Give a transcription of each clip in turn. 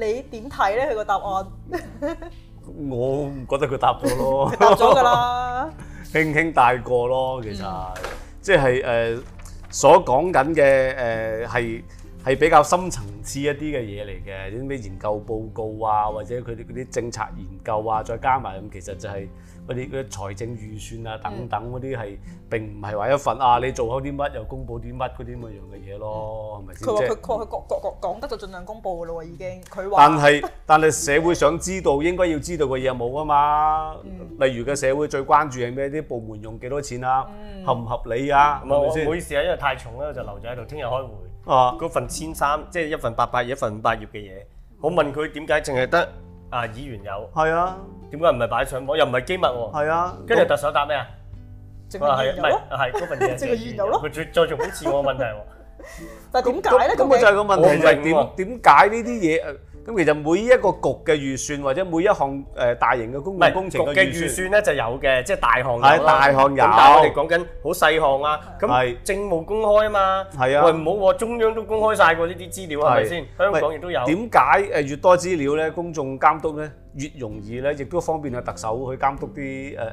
你點睇咧？佢個答案， 我唔覺得佢答咗咯，佢 答咗㗎啦， 輕輕帶過咯。其實 即係誒、呃、所講緊嘅誒係係比較深層次一啲嘅嘢嚟嘅，啲咩研究報告啊，或者佢哋啲政策研究啊，再加埋咁，其實就係、是。嗰啲嗰啲財政預算啊等等嗰啲係並唔係話一份啊，你做好啲乜又公佈啲乜嗰啲咁樣嘅嘢咯，係咪先？佢話佢講講講講得就盡量公佈噶咯喎，已經佢話。但係但係社會想知道應該要知道嘅嘢冇啊嘛，例如個社會最關注係咩？啲部門用幾多錢啊？合唔合理啊？咁啊，我唔好意思啊，因為太重咧，就留咗喺度，聽日開會。啊，嗰份千三即係一份八百，一份五百頁嘅嘢，我問佢點解淨係得啊議員有？係啊。點解唔係擺上網，又唔係機密喎？啊，跟住、啊、特首答咩啊？即係，唔係，係嗰了份嘢係最再再做好似我嘅問題喎、啊。 但係點解咧？咁咁就係個問題就係點點解呢啲嘢？咁其實每一個局嘅預算或者每一項誒大型嘅公共工程嘅預算咧，就有嘅，即係大項，係大項有。咁但係我哋講緊好細項啊。咁，政務公開啊嘛。係啊。喂，唔好話中央都公開曬過呢啲資料係咪先？香港亦都有。點解誒越多資料咧，公眾監督咧，越容易咧，亦都方便啊特首去監督啲誒誒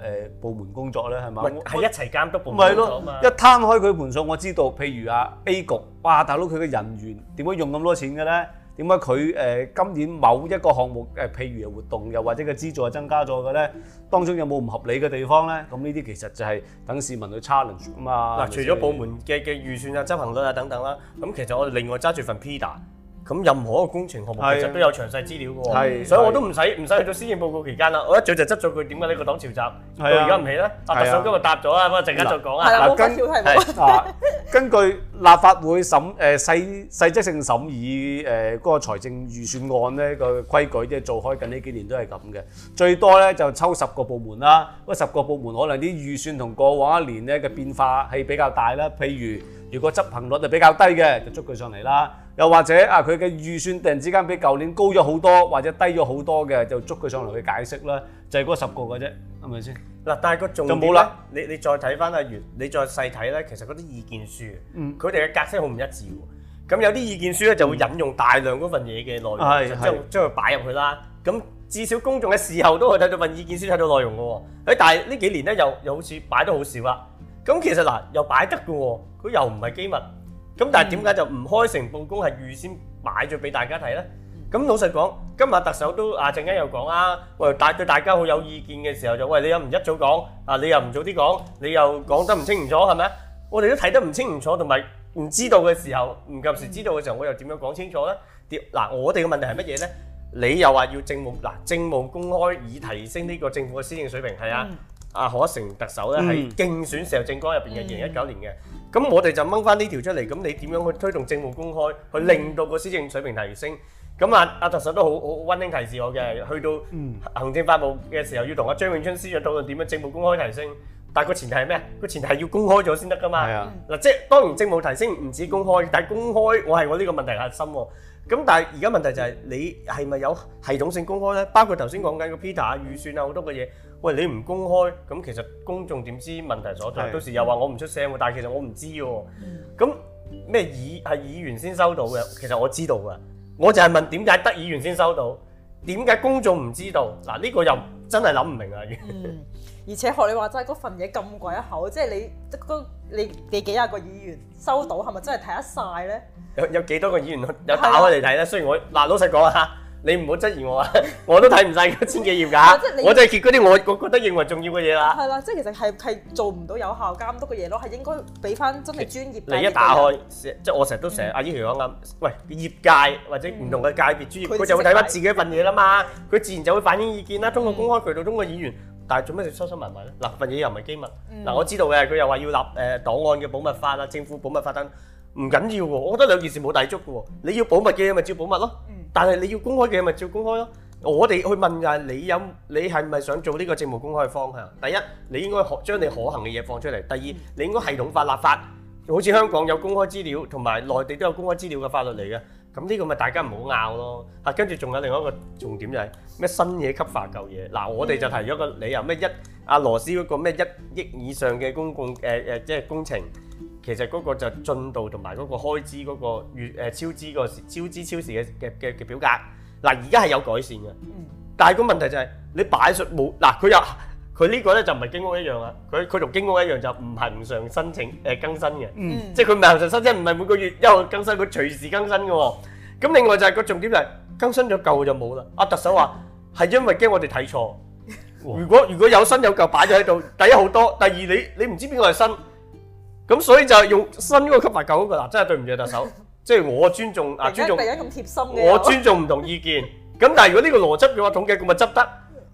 部門工作咧係嘛？係一齊監督部門工作。咪係咯。一攤開佢盤數，我知道，譬如啊 A 局，哇大佬佢嘅人員點解用咁多錢嘅咧？點解佢今年某一個項目誒，譬如活動，又或者個資助又增加咗嘅咧？當中有冇唔合理嘅地方咧？咁呢啲其實就係等市民去 challenge 啊嘛！嗱，除咗部門嘅嘅預算啊、執行率啊等等啦，咁其實我哋另外揸住份 PDA。咁任何一個工程項目其實都有詳細資料嘅，所以我都唔使唔使去到施政報告期間啦，我一早就執咗佢。點解呢個黨潮集到而家唔起咧？啊，特首今日答咗啦，不過陣間再講啊。嗱根，根據立法會審誒細細則性審議誒嗰個財政預算案咧個規矩，即係做開近呢幾年都係咁嘅，最多咧就抽十個部門啦。嗰十個部門可能啲預算同過往一年咧嘅變化係比較大啦，譬如。如果執行率就比較低嘅，就捉佢上嚟啦。又或者啊，佢嘅預算突然之間比舊年高咗好多，或者低咗好多嘅，就捉佢上嚟去解釋啦。就係嗰十個嘅啫，係咪先？嗱，但係個重點咧，你你再睇翻阿袁，你再細睇咧，其實嗰啲意見書，嗯，佢哋嘅格式好唔一致喎。咁有啲意見書咧就會引用大量嗰份嘢嘅內容，即係將佢擺入去啦。咁至少公眾嘅時候都可以睇到份意見書睇到內容嘅喎。誒，但係呢幾年咧又又好似擺得好少啦。咁其實嗱，又擺得噶喎，佢又唔係機密。咁但係點解就唔開誠佈公，係預先擺咗俾大家睇咧？咁老實講，今日特首都啊，陣間又講啦，喂，大對大家好有意見嘅時候就，喂，你又唔一早講，啊，你又唔早啲講，你又講得唔清唔楚係咪？我哋都睇得唔清唔楚，同埋唔知道嘅時候，唔及時知道嘅時候，我又點樣講清楚咧？點嗱，我哋嘅問題係乜嘢咧？你又話要政務嗱，政務公開以提升呢個政府嘅施政水平係啊？阿賀一誠特首咧，喺競選時候政綱入邊嘅，二零一九年嘅，咁我哋就掹翻呢條出嚟。咁你點樣去推動政務公開，去令到個施政水平提升？咁啊，阿特首都好好溫馨提示我嘅，去到行政法務嘅時候要同阿張永春司長討論點樣政務公開提升，但係個前提係咩？個前提係要公開咗先得噶嘛。嗱，即係當然政務提升唔止公開，但係公開我係我呢個問題核心喎。咁但係而家問題就係你係咪有系統性公開咧？包括頭先講緊個 Peter 預算啊、好多嘅嘢。喂，你唔公開，咁其實公眾點知問題所在？到時又話我唔出聲喎，但係其實我唔知喎。咁咩議係議員先收到嘅，其實我知道噶。我就係問點解得議員先收到，點解公眾唔知道？嗱，呢個又真係諗唔明啊！而且學你話齋嗰份嘢咁鬼厚，即係你嗰你你幾廿個議員收到係咪真係睇得曬咧？有有幾多個議員有打開嚟睇咧？雖然我嗱老實講啊吓。你唔好質疑我啊！我都睇唔晒千幾頁㗎， 我就係結嗰啲我我覺得認為重要嘅嘢啦。係啦，即係其實係係做唔到有效監督嘅嘢咯，係應該俾翻真係專業的。你一打開，即係我成日都成日、嗯、阿姨如講啱，喂，業界或者唔同嘅界別、嗯、專業，佢就會睇翻自己份嘢啦嘛，佢自然就會反映意見啦。通過公開渠道，通過、嗯、議員，但係做咩要收收埋埋咧？嗱份嘢又唔係機密，嗱、嗯啊、我知道嘅，佢又話要立誒、呃、檔案嘅保密法啊，政府保密法等。唔緊要喎，我覺得兩件事冇抵觸嘅喎，你要保密嘅咪照保密咯，但係你要公開嘅咪照公開咯。我哋去問就係你有你係咪想做呢個政府公開嘅方向？第一，你應該可將你可行嘅嘢放出嚟；第二，你應該系統化立法，好似香港有公開資料，同埋內地都有公開資料嘅法律嚟嘅。咁呢個咪大家唔好拗咯。嚇，跟住仲有另外一個重點就係咩新嘢給法舊嘢。嗱，我哋就提咗個理由，咩一阿羅斯嗰個咩一億以上嘅公共誒誒即係工程。其實嗰個就進度同埋嗰個開支嗰個月誒超支個超支超時嘅嘅嘅表格，嗱而家係有改善嘅，但係個問題就係你擺出冇嗱佢又佢呢個咧就唔係經屋一樣啊，佢佢同經屋一樣就唔係唔常申請誒更新嘅，嗯、即係佢唔係恆常申請，唔係每個月又更新，佢隨時更新嘅喎。咁另外就係個重點就係更新咗舊就冇啦。阿特首話係因為驚我哋睇錯，如果如果有新有舊擺咗喺度，第一好多，第二你你唔知邊個係新。咁所以就用新嗰個級別救嗰個喇，真係對唔住特首，即係我尊重 啊，尊重，我尊重唔同意見。咁 但係如果呢個邏輯嘅話統計上咪執得？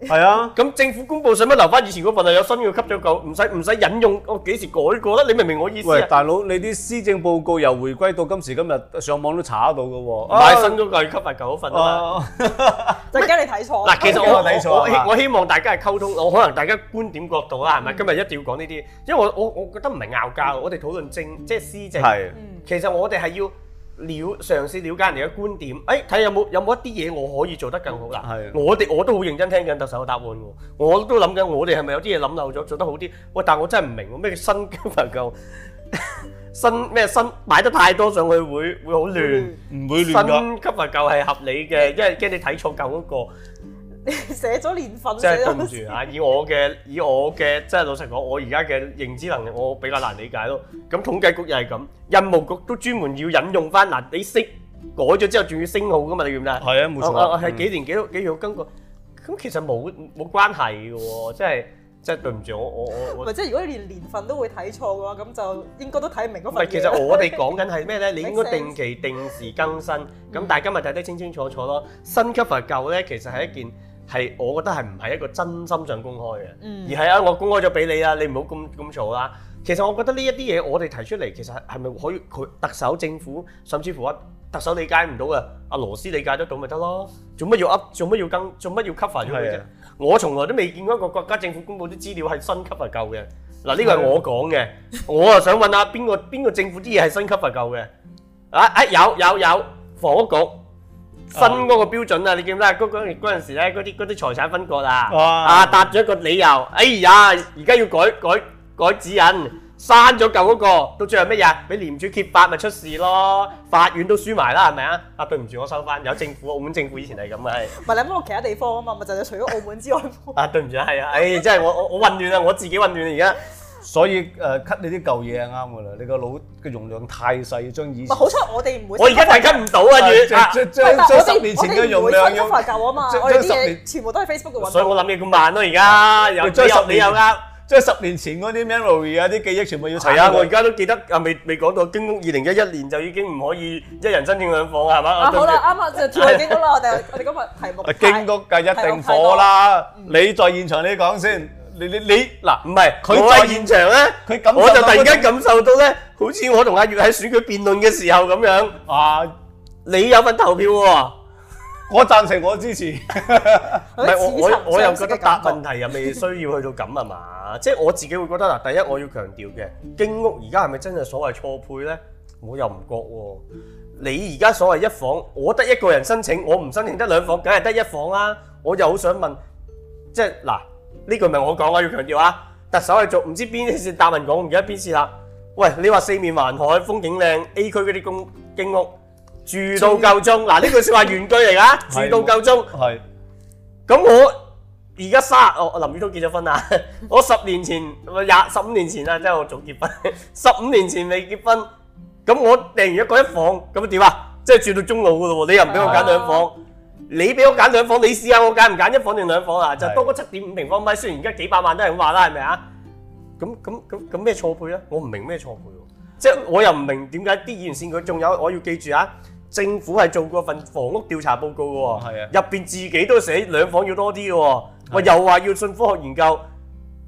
係啊，咁政府公布使乜留返以前嗰份啊？有新嘅級咗嚿，唔使唔使引用，我幾時改過咧？你明唔明我意思啊？大佬，你啲施政報告又回歸到今時今日，上網都查得到㗎喎，咪新咗嚿級埋舊嗰份啊？就驚你睇錯嗱，其實我我我希望大家係溝通，我可能大家觀點角度啦，係咪？今日一定要講呢啲，因為我我我覺得唔係拗交，我哋討論政即係施政，其實我哋係要。了，嘗試了解人哋嘅觀點，誒睇有冇有冇一啲嘢我可以做得更好啦。係，我哋我都好認真聽緊特首嘅答案嘅，我都諗緊我哋係咪有啲嘢諗漏咗，做得好啲。喂，但我真係唔明喎，咩新級物構，新咩新買得太多上去會會好亂，唔會亂㗎。新級物構係合理嘅，因為驚你睇錯舊嗰個。寫咗年份，即係對唔住啊！以我嘅，以我嘅，即係老實講，我而家嘅認知能力，我比較難理解咯。咁統計局又係咁，任務局都專門要引用翻嗱，你識改咗之後，仲要升號噶嘛？你明唔明啊？係啊，冇錯啊！係幾年幾多幾樣跟過？咁其實冇冇關係嘅喎，即係即係對唔住我我我。唔係，即係如果你連年份都會睇錯嘅話，咁就應該都睇唔明嗰份。唔係，其實我哋講緊係咩咧？你應該定期定時更新，咁但係今日睇得清清楚楚咯。新 cover 舊咧，其實係一件。係，我覺得係唔係一個真心想公開嘅，嗯、而係啊，我公開咗俾你啦，你唔好咁咁嘈啦。其實我覺得呢一啲嘢，我哋提出嚟，其實係咪可以佢特首政府，甚至乎啊特首理解唔到嘅，阿羅斯理解得到咪得咯？做乜要 update？做乜要更？做乜要 cover 咗佢啫？是的 我從來都未見過一個國家政府公布啲資料係新 cover 舊嘅。嗱，呢個係我講嘅，我啊想問下邊個邊個政府啲嘢係新 cover 舊嘅？啊，哎有有有，房屋局，新嗰個標準啊！你記唔記得嗰嗰嗰陣時咧，嗰啲啲財產分割了啊，啊，答咗一個理由，哎呀，而家要改改改指引，刪咗舊嗰個，到最後乜嘢？俾廉署揭發咪出事咯，法院都輸埋啦，係咪啊？啊對唔住，我收翻有政府， 澳門政府以前係咁嘅係。唔係你講其他地方啊嘛，咪就係除咗澳門之外。啊對唔住，係啊，誒、哎、真係我我我混亂啊，我自己混亂啊而家。所以誒，cut 你啲舊嘢係啱嘅啦，你個腦嘅容量太細，將以唔係好彩我哋唔會，我而家太 cut 唔到啊，要將將將十年前嘅容量，將十年全部都喺 Facebook 度揾，所以我諗嘢咁慢咯，而家又將十年又啱，將十年前嗰啲 memory 啊啲記憶全部要齊啊！我而家都記得啊，未未講到經屋二零一一年就已經唔可以一人申請兩房啊，係嘛？啊好啦，啱啱就跳去經屋啦，我哋我哋今日題目經屋嘅一定火啦！你在現場，你講先。你你你嗱，唔係佢喺現場咧，我就突然間感受到咧，好似我同阿月喺選舉辯論嘅時候咁樣。啊，你有份投票喎，我贊成，我支持。唔係我我我又覺得答問題又未需要去到咁啊嘛，即係我自己會覺得嗱，第一我要強調嘅，經屋而家係咪真係所謂錯配咧？我又唔覺喎。你而家所謂一房，我得一個人申請，我唔申請得兩房，梗係得一房啦。我又好想問，即係嗱。呢句唔係我講，我要強調啊！特首係做唔知邊啲是答問講，唔記得邊次啦？喂，你話四面環海，風景靚，A 區嗰啲公經屋住到夠鐘。嗱，呢句說話原句嚟噶，住到夠鐘。係，咁我而家卅，哦，林宇聰都結咗婚啦。我十年前，廿十五年前啦，即係我早結婚。十五年前未結婚，咁我訂完一個一房，咁啊點啊？即係住到中老噶咯喎，你又唔俾我揀兩房？你俾我揀兩房，你試下我揀唔揀一房定兩房啊？就多個七點五平方米，雖然而家幾百萬都係咁話啦，係咪啊？咁咁咁咁咩錯配啊？我唔明咩錯配喎，即係我又唔明點解啲議員先佢仲有我要記住啊，政府係做過份房屋調查報告喎，入邊是的 自己都寫兩房要多啲嘅喎，我是的 又話要信科學研究，研究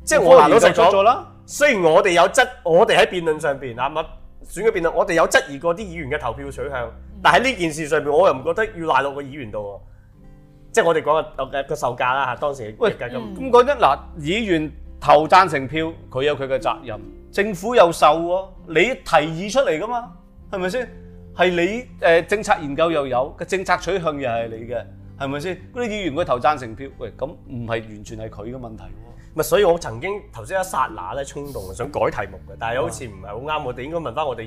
即係我難道食錯咗啦？雖然我哋有質，我哋喺辯論上邊嗱，咪選嘅辯論，我哋有質疑過啲議員嘅投票取向，但喺呢件事上邊，我又唔覺得要賴落個議員度。即係我哋講嘅個個售價啦嚇，當時喂咁講得嗱，議員投贊成票，佢有佢嘅責任，政府又受喎，你提議出嚟㗎嘛，係咪先？係你誒政策研究又有個政策取向又係你嘅，係咪先？嗰啲議員會投贊成票，喂咁唔係完全係佢嘅問題喎。咪所以我曾經頭先一剎那咧衝動啊，想改題目嘅，但係好似唔係好啱，我哋應該問翻我哋，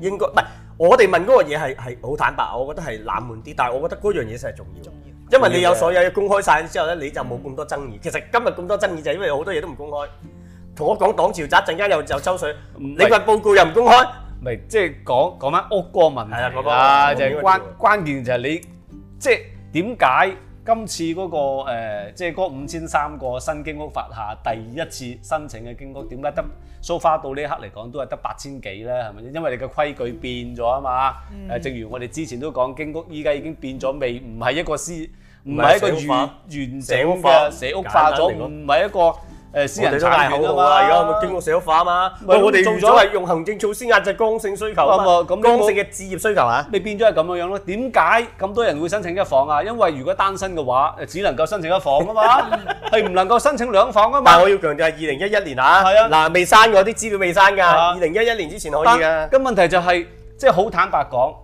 應該唔係我哋問嗰個嘢係係好坦白，我覺得係冷門啲，但係我覺得嗰樣嘢實係重要。因為你有所有嘢公開曬之後咧，你就冇咁多爭議。其實今日咁多爭議就係因為好多嘢都唔公開。同我講黨潮，一陣間又又抽水，你份報告又唔公開。唔係即係講講翻屋個問題啦，就係關關鍵就係你即係點解今次嗰個誒，即係嗰五千三個新經屋法下第一次申請嘅經屋，點解得？蘇花到呢一刻嚟講都係得八千幾啦，係咪？因為你嘅規矩變咗啊嘛。誒、嗯，正如我哋之前都講，經屋依家已經變咗，未唔係一個私，唔係一個完完整嘅屋化咗，唔係一個。誒私人產業好啊嘛，而家有冇經過社會化嘛，唔係我哋做咗係用行政措施壓制剛性需求啊嘛，剛性嘅置業需求啊，你變咗係咁樣樣咯。點解咁多人會申請一房啊？因為如果單身嘅話，誒只能夠申請一房啊嘛，係唔能夠申請兩房啊嘛。但係我要強調係二零一一年啊，嗱未刪我啲資料未刪㗎，二零一一年之前可以㗎。咁問題就係，即係好坦白講。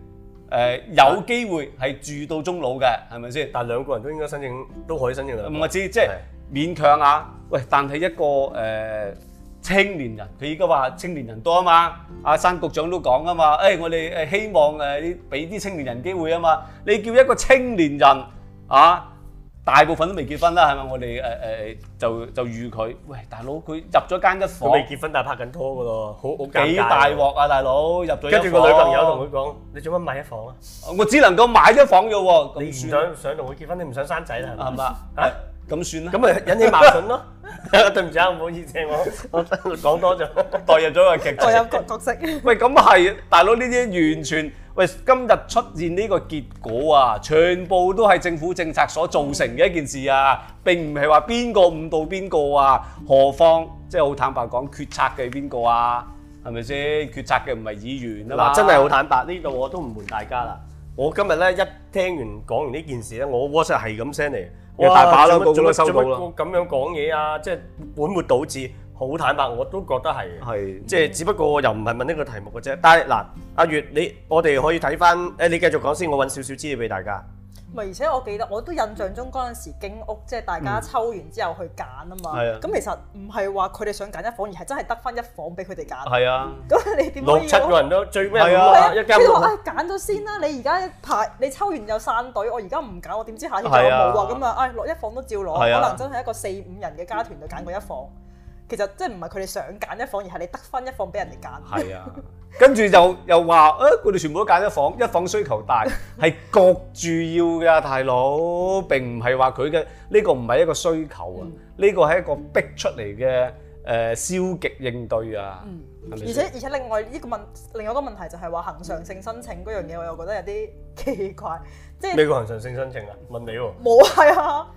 誒、呃、有機會係住到中老嘅，係咪先？但兩個人都應該申請，都可以申請兩。唔係即係勉強下、啊。是喂，但係一個、呃、青年人，佢而家話青年人多啊嘛，阿山局長都講啊嘛。誒、欸，我哋希望誒俾啲青年人機會啊嘛。你叫一個青年人啊？大部分都未結婚啦，係咪？我哋誒誒就就預佢，喂，大佬佢入咗間一房，佢未結婚但係拍緊拖噶咯，好幾大鑊啊，大佬入咗一房，跟住個女朋友同佢講：你做乜買一房啊？我只能夠買一房啫喎。你唔想想同佢結婚，你唔想生仔啦係嘛？嚇，咁算啦，咁咪引起矛盾咯。對唔住啊，唔好意思啊，我講多咗，代入咗個劇情，代入個角色。喂，咁係，大佬呢啲完全。喂，今日出現呢個結果啊，全部都係政府政策所造成嘅一件事啊，並唔係話邊個誤導邊個啊，何況即係好坦白講、啊，決策嘅係邊個啊？係咪先？決策嘅唔係議員啊嘛，真係好坦白，呢度我都唔瞞大家啦。我今日咧一聽完講完呢件事咧，我 WhatsApp 係咁 send 嚟，個個個哇！大把做啦？咁樣講嘢啊？即係本末倒置。好坦白，我都覺得係，即係、就是、只不過又唔係問呢個題目嘅啫。但係嗱，阿月你，我哋可以睇翻，誒、啊、你繼續講先，我揾少少資料俾大家。唔係，而且我記得，我都印象中嗰陣時經屋，即、就、係、是、大家抽完之後去揀啊嘛。咁、嗯、其實唔係話佢哋想揀一房，而係真係得翻一房俾佢哋揀。係啊。咁你點可以？六七個人都最咩啊？一間房、哎啊。你揀咗先啦，你而家排，你抽完又散隊，我而家唔揀，我點知下次就冇啊？咁啊、哎，落一房都照攞，啊、可能真係一個四五人嘅家庭就揀嗰一房。其實即係唔係佢哋想揀一房，而係你得分一房俾人哋揀。係啊，跟住就又話誒，佢哋 全部都揀一房，一房需求大係焗住要㗎，大佬並唔係話佢嘅呢個唔係一個需求啊，呢個係一個逼出嚟嘅誒消極應對啊。嗯，係咪話而且而且另外一個問另外一個問題就係話恒常性申請嗰樣嘢，我又覺得有啲奇怪，即係咩叫恆常性申請啊？問你喎。冇係啊。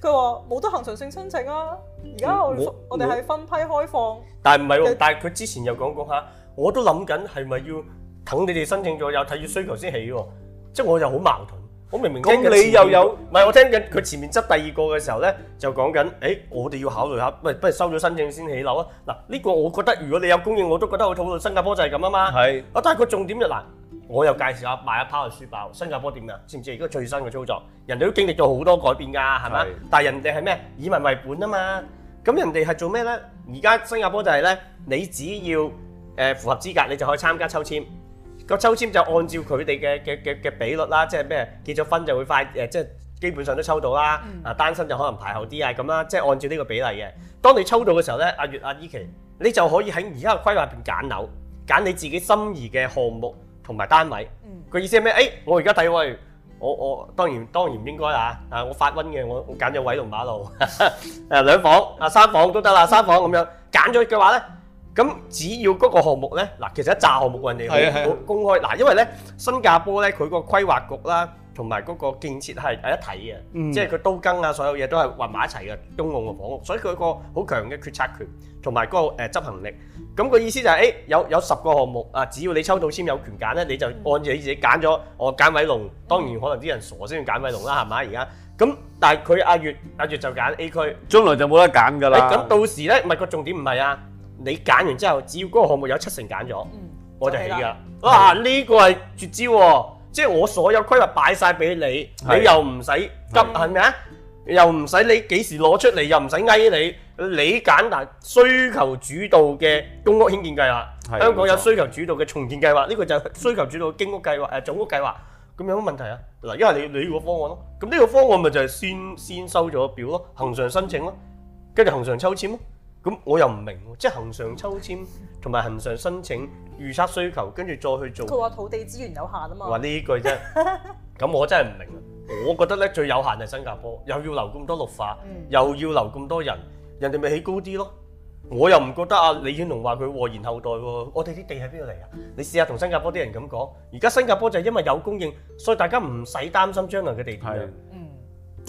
佢話冇得行常性申請啊！而家我們我哋係分批開放，但係唔係喎？就是、但係佢之前又講過下，我都諗緊係咪要等你哋申請咗有睇住需求先起喎、啊？即係我又好矛盾，我明明聽你又有，唔係我聽緊佢前面執第二個嘅時候咧，就講緊誒，我哋要考慮下，喂，不如收咗申請先起樓啊！嗱，呢、這個我覺得如果你有供應，我都覺得好討論。新加坡就係咁啊嘛，係啊是，但係個重點就嗱。我又介紹下賣一拋就輸包。新加坡點啊？甚至而家最新嘅操作？人哋都經歷咗好多改變㗎，係咪？是但係人哋係咩？以民為本啊嘛。咁人哋係做咩咧？而家新加坡就係咧，你只要誒符合資格，你就可以參加抽籤。個抽籤就按照佢哋嘅嘅嘅嘅比率啦，即係咩結咗婚就會快誒，即係基本上都抽到啦。啊、嗯，單身就可能排後啲啊咁啦，即係按照呢個比例嘅。當你抽到嘅時候咧，阿月阿依琪，你就可以喺而家嘅規劃入邊揀樓，揀你自己心儀嘅項目。同埋單位，個意思係咩？誒，我而家睇喂，我我當然當然唔應該啦啊，我發瘟嘅，我我揀咗偉龍馬路誒兩房啊三房都得啦，三房咁樣揀咗嘅話咧，咁只要嗰個項目咧嗱，其實一紮項目嘅人哋好公開嗱，因為咧新加坡咧佢個規劃局啦。同埋嗰個建設係係一體嘅，嗯、即係佢刀鋸啊，所有嘢都係混埋一齊嘅，公共嘅房屋，所以佢有一個好強嘅決策權同埋嗰個誒、呃、執行力。咁、那個意思就係、是、誒、欸、有有十個項目啊，只要你抽到籤，有權揀咧，你就按住你自己揀咗。我揀偉龍，當然可能啲人傻先要揀偉龍啦，係咪而家咁，但係佢阿月阿月就揀 A 區，將來就冇得揀㗎啦。咁、欸、到時咧，唔係個重點，唔係啊，你揀完之後，只要嗰個項目有七成揀咗，嗯、我就起㗎啦。的啊，呢、這個係絕招喎、啊！即係我所有規劃擺晒俾你，你又唔使急係咪？啊？又唔使你幾時攞出嚟，又唔使翳你，你簡單需求主導嘅公屋興建，建計劃，的香港有需求主導嘅重建計劃，呢的個就係需求主導經屋計劃誒，總屋計劃，咁、呃、有乜問題啊？嗱，因為你你個方案咯，咁呢個方案咪就係先先收咗表咯，恒常申請咯，跟住恒常抽籤咯，咁我又唔明，即係恒常抽籤同埋恒常申請。預測需求，跟住再去做。佢話土地資源有限啊嘛。話呢句啫，咁 我真係唔明啊！我覺得咧最有限就係新加坡，又要留咁多綠化，嗯、又要留咁多人，人哋咪起高啲咯，嗯、咯。我又唔覺得啊李顯龍話佢和然後代禍延後代喎，我哋啲地喺邊度嚟啊？你試下同新加坡啲人咁講，而家新加坡就係因為有供應，所以大家唔使擔心將來嘅地點啊。嗯，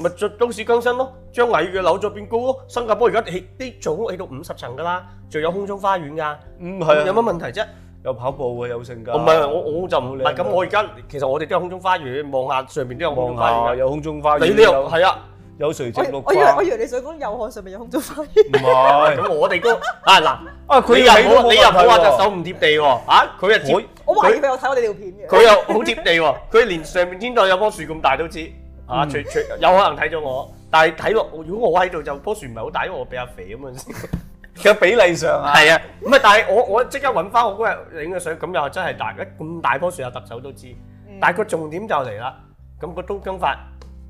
咪着都市更新咯，將矮嘅樓再變高咯。新加坡而家起啲組屋起到五十層㗎啦，仲有空中花園㗎，啊。嗯，係啊、嗯。有乜問題啫？有跑步嘅，有性格。唔係，我我就唔咪咁。我而家其實我哋都有空中花園，望下上面都有空中花園。有空中花園，你呢？係啊，有垂直落。我以為我以為你想講右岸上面有空中花園。唔係，咁我哋都啊嗱，佢又你又唔話隻手唔貼地喎？佢又貼。我懷疑佢有睇我哋條片嘅。佢又好貼地喎，佢連上面天台有樖樹咁大都知。嚇，除除有可能睇咗我，但係睇落，如果我喺度就樖樹唔係好大，因為我比較肥咁樣先。嘅比例上啊，係啊，唔係，但係我我即刻揾翻我嗰日影嘅相，咁又真係大嘅咁大樖樹，阿特首都知。但係個重點就嚟啦，咁個都更法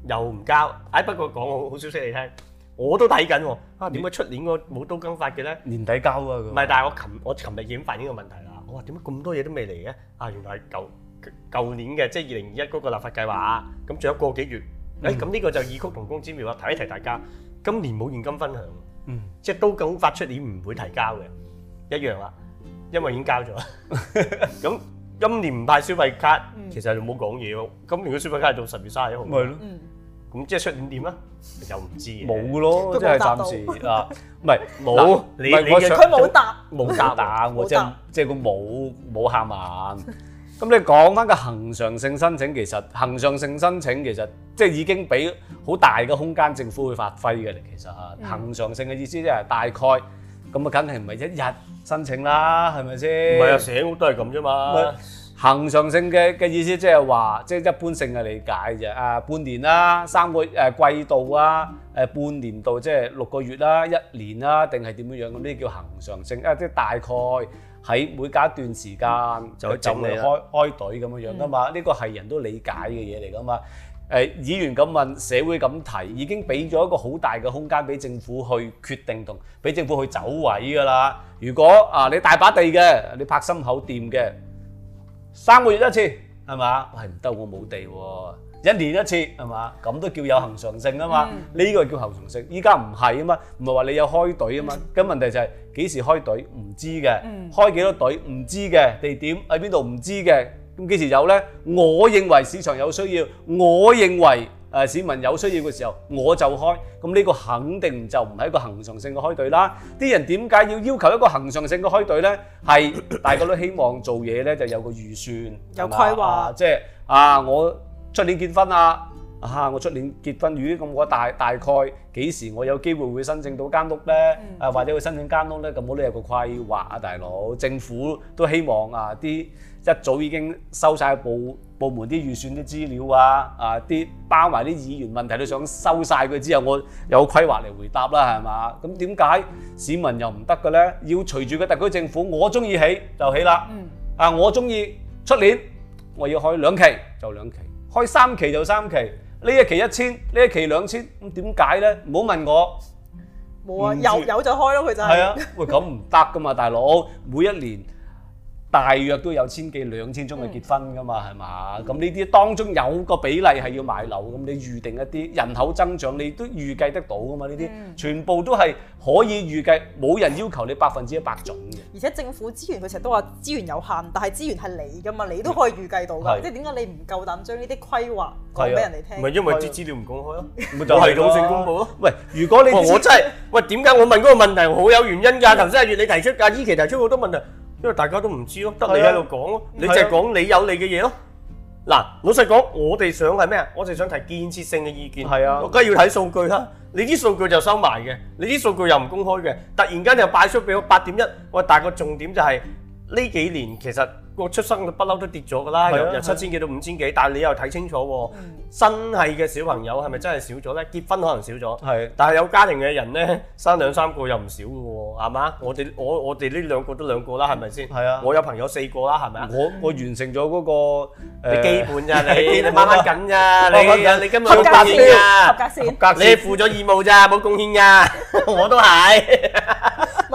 又唔交，唉不過講個好消息你聽，我都睇緊喎。嚇，點解出年嗰個冇都更法嘅咧？年底交啊！唔係，但係我琴我琴日發現呢個問題啦，我話點解咁多嘢都未嚟嘅？啊，原來係舊舊年嘅，即係二零二一嗰個立法計劃啊。咁仲有個幾月，誒咁呢個就異曲同工之妙啊！提一提大家，今年冇現金分享。嗯，即係都咁發出年唔會提交嘅，一樣啦，因為已經交咗。咁今年唔派消費卡，其實就冇講嘢咯。今年嘅消費卡係到十月三十一號，咪咯。咁即係出年點啊？又唔知冇咯，即係暫時啊，唔係冇你，我佢冇答冇答我，即係即係佢冇冇喊問。咁你講翻個恆常性申請，其實恆常性申請其實即係已經俾好大嘅空間政府去發揮嘅嚟。其實恆常性嘅意思即係大概，咁啊梗係唔係一日申請啦，係咪先？唔係啊，寫屋都係咁啫嘛。恆常性嘅嘅意思即係話，即係一般性嘅理解啫。啊，半年啦，三個誒季度啊，誒半年度即係六個月啦，一年啦，定係點樣樣咁？呢叫恆常性啊，即係大概。喺每隔一段時間走就就會開開隊咁樣樣噶嘛，呢個係人都理解嘅嘢嚟噶嘛。誒、欸，議員咁問，社會咁提，已經俾咗一個好大嘅空間俾政府去決定，同俾政府去走位㗎啦。如果啊，你大把地嘅，你拍心口掂嘅，三個月一次係嘛？係唔得，我冇地喎、啊。一年一次係嘛？咁都叫有恆常性啊嘛！呢個叫恆常性。依家唔係啊嘛，唔係話你有開隊啊嘛。咁問題就係幾時開隊唔知嘅，開幾多隊唔知嘅，地點喺邊度唔知嘅。咁幾時有呢？我認為市場有需要，我認為誒市民有需要嘅時候，我就開。咁呢個肯定就唔係一個恆常性嘅開隊啦。啲人點解要要求一個恆常性嘅開隊呢？係大家都希望做嘢呢就有個預算，有規劃，即係啊我。出年結婚啊！啊，我出年結婚，如果咁我大大概幾時我有機會會申請到間屋呢？誒、嗯啊、或者會申請間屋呢？咁我都有個規劃啊，大佬。政府都希望啊，啲一早已經收晒部部門啲預算啲資料啊，啊啲包埋啲議員問題都想收晒。佢之後，我有個規劃嚟回答啦、啊，係嘛？咁點解市民又唔得嘅呢？要隨住個特區政府，我中意起就起啦。嗯、啊，我中意出年我要開兩期就兩期。開三期就三期，呢一期一千，呢一期兩千，咁點解咧？唔好問我，冇啊，有有就開咯，佢就係。喂，咁唔得㗎嘛，大佬，每一年。大約都有千幾兩千宗嘅結婚噶嘛，係嘛、嗯？咁呢啲當中有個比例係要買樓，咁你預定一啲人口增長，你都預計得到噶嘛？呢啲、嗯、全部都係可以預計，冇人要求你百分之一百準嘅。而且政府資源佢成日都話資源有限，但係資源係你噶嘛，你都可以預計到㗎。即係點解你唔夠膽將呢啲規劃講俾人哋聽？唔係、啊、因為啲資料唔公開咯，咪 就系統性公布咯。喂，如果你我真係喂點解我問嗰個問題好有原因㗎？頭先阿月你提出㗎，依期提出好多問題。因為大家都唔知咯，得你喺度講咯，啊、你就講你有利嘅嘢咯。嗱、啊，老實講，我哋想係咩啊？我哋想提建設性嘅意見。係啊，梗係要睇數據啦。你啲數據就收埋嘅，你啲數據又唔公開嘅，突然間就擺出俾我八點一。我話但係個重點就係、是。呢幾年其實個出生率不嬲都跌咗噶啦，由由七千幾到五千幾，但係你又睇清楚喎，真係嘅小朋友係咪真係少咗咧？結婚可能少咗，係，但係有家庭嘅人咧生兩三個又唔少嘅喎，係嘛？我哋我我哋呢兩個都兩個啦，係咪先？係啊，我有朋友四個啦，係咪啊？我我完成咗嗰個誒基本呀，你你掹緊呀，你你今日合格線呀，合格線，你係負咗義務咋，冇貢獻呀，我都係。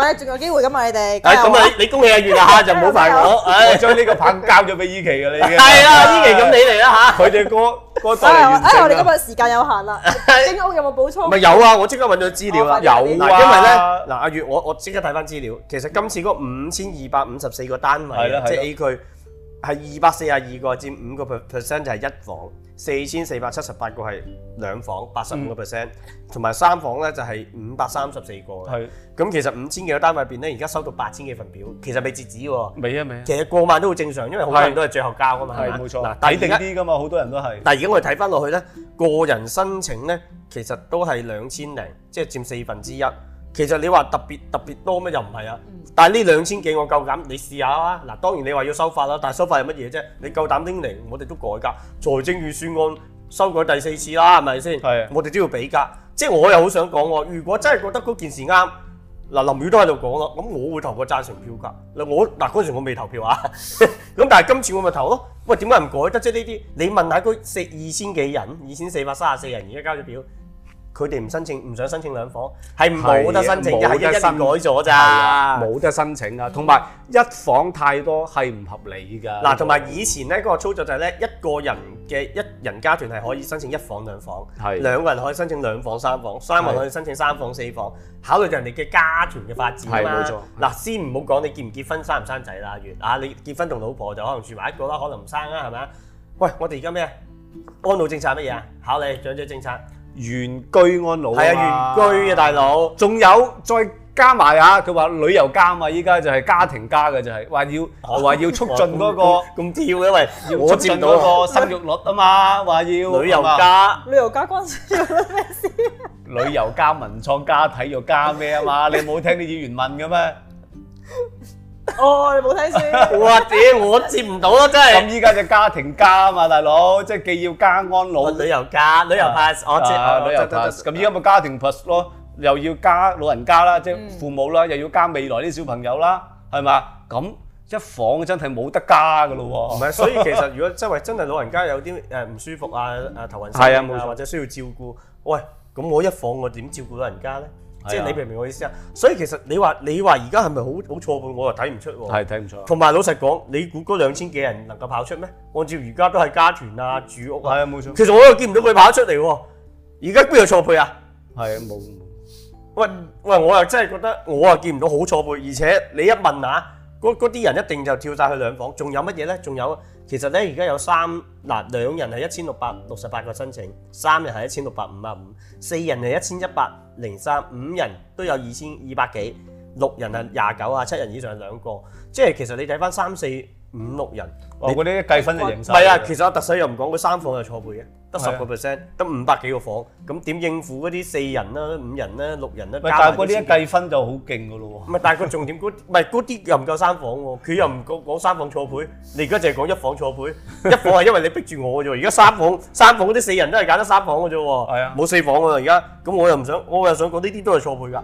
我哋仲有機會噶嘛？你哋，咁啊，你恭喜阿月啊，下就唔好煩我，唉，將呢個棒交咗俾依期嘅你嘅。係啊，依期咁你嚟啦嚇，佢隻歌歌帶嚟完成啦。哎呀，我哋今日時間有限啦，丁屋有冇補充？咪有啊，我即刻揾到資料啦，有啊，因為咧嗱，阿月，我我即刻睇翻資料，其實今次嗰五千二百五十四個單位，即 A 區。係二百四十二個佔五個 percent 就係、是、一房，四千四百七十八個係兩房八十五個 percent，同埋三房咧就係五百三十四個。係咁是其實五千幾個單位入邊咧，而家收到八千幾份表，其實未截止喎。未啊未啊，啊其實過萬都好正常，因為好多人都係最後交㗎嘛。係冇錯。嗱抵定啲㗎嘛，好多人都係。但係而家我哋睇翻落去咧，個人申請咧其實都係兩千零，即係佔四分之一。其實你話特別特別多咩？又唔係啊！但係呢兩千幾我夠膽，你試下啊！嗱，當然你話要修法啦，但修法係乜嘢啫？你夠膽拎嚟，我哋都改㗎。財政預算案修改第四次啦，係咪先？係。我哋都要俾噶。即係我又好想講喎，如果真係覺得嗰件事啱，嗱林宇都喺度講啦，咁我會投個贊成票噶。嗱我嗱嗰時我未投票啊，咁但係今次我咪投咯。喂，點解唔改得啫？即呢啲你問下嗰四二千幾人，二千四百三十四人而家交咗表。佢哋唔申請，唔想申請兩房，係冇得申請，一係一改咗咋，冇得申請啊！同埋一房太多係唔合理噶。嗱，同埋以前咧個操作就係咧，一個人嘅一人家團係可以申請一房兩房，兩個人可以申請兩房三房，三個人可以申請三房四房，考慮到人哋嘅家團嘅發展啦。係冇錯。嗱，先唔好講你結唔結婚，生唔生仔啦。譬如啊，你結婚同老婆就可能住埋一個啦，可能唔生啦，係咪啊？喂，我哋而家咩啊？安老政策係乜嘢啊？考慮長者政策。原居安老啊，係啊，原居啊，大佬。仲有再加埋啊，佢話旅遊加啊嘛，依家就係家庭加嘅就係，話要話要促進嗰個咁跳，因為我知到個生育率啊嘛，話要旅遊加旅遊加關事咩事？旅遊加文創加體育加咩啊嘛？你冇聽啲議員問嘅咩？哦，你冇睇先？或者我接唔到咯，真係。咁依家就家庭加啊嘛，大佬，即係既要加安老、旅遊加旅遊 pass，我知啊旅遊 pass。咁依家咪家庭 pass 咯，又要加老人家啦，即係父母啦，又要加未來啲小朋友啦，係嘛？咁一房真係冇得加㗎咯喎。唔係，所以其實如果即係真係老人家有啲誒唔舒服啊，誒頭暈身㗎，冇錯，或者需要照顧，喂，咁我一房我點照顧老人家咧？即係你明唔明我意思啊？所以其實你話你話而家係咪好好錯配？我又睇唔出喎。係睇唔出。同埋老實講，你估嗰兩千幾人能夠跑出咩？按照而家都係家團啊，住屋係冇錯。其實我又見唔到佢跑出嚟喎。而家邊有錯配啊？係啊，冇。喂喂，我又真係覺得我啊見唔到好錯配，而且你一問下嗰嗰啲人一定就跳曬去兩房。仲有乜嘢咧？仲有。其實呢，而家有三兩人係一千六百六十八個申請，三人係一千六百五十五，四人係一千一百零三，五人都有二千二百幾，六人係廿九啊，七人以上係兩個，即係其實你睇返三四五六人，我嗰得這些計分就影曬。唔係啊，其實我特首又唔講三房係錯配嘅。得十個 percent，得五百幾個房，咁點應付嗰啲四人咧、五人咧、六人咧？但係嗰啲計分就好勁㗎咯喎。唔係，但係佢重點嗰，唔係嗰啲又唔夠三房喎。佢又唔夠講三房錯配，你而家淨係講一房錯配。一房係因為你逼住我嘅啫。而家三房，三房嗰啲四人都係揀得三房㗎啫喎。係啊，冇四房㗎啦。而家咁我又唔想，我又想講呢啲都係錯配㗎。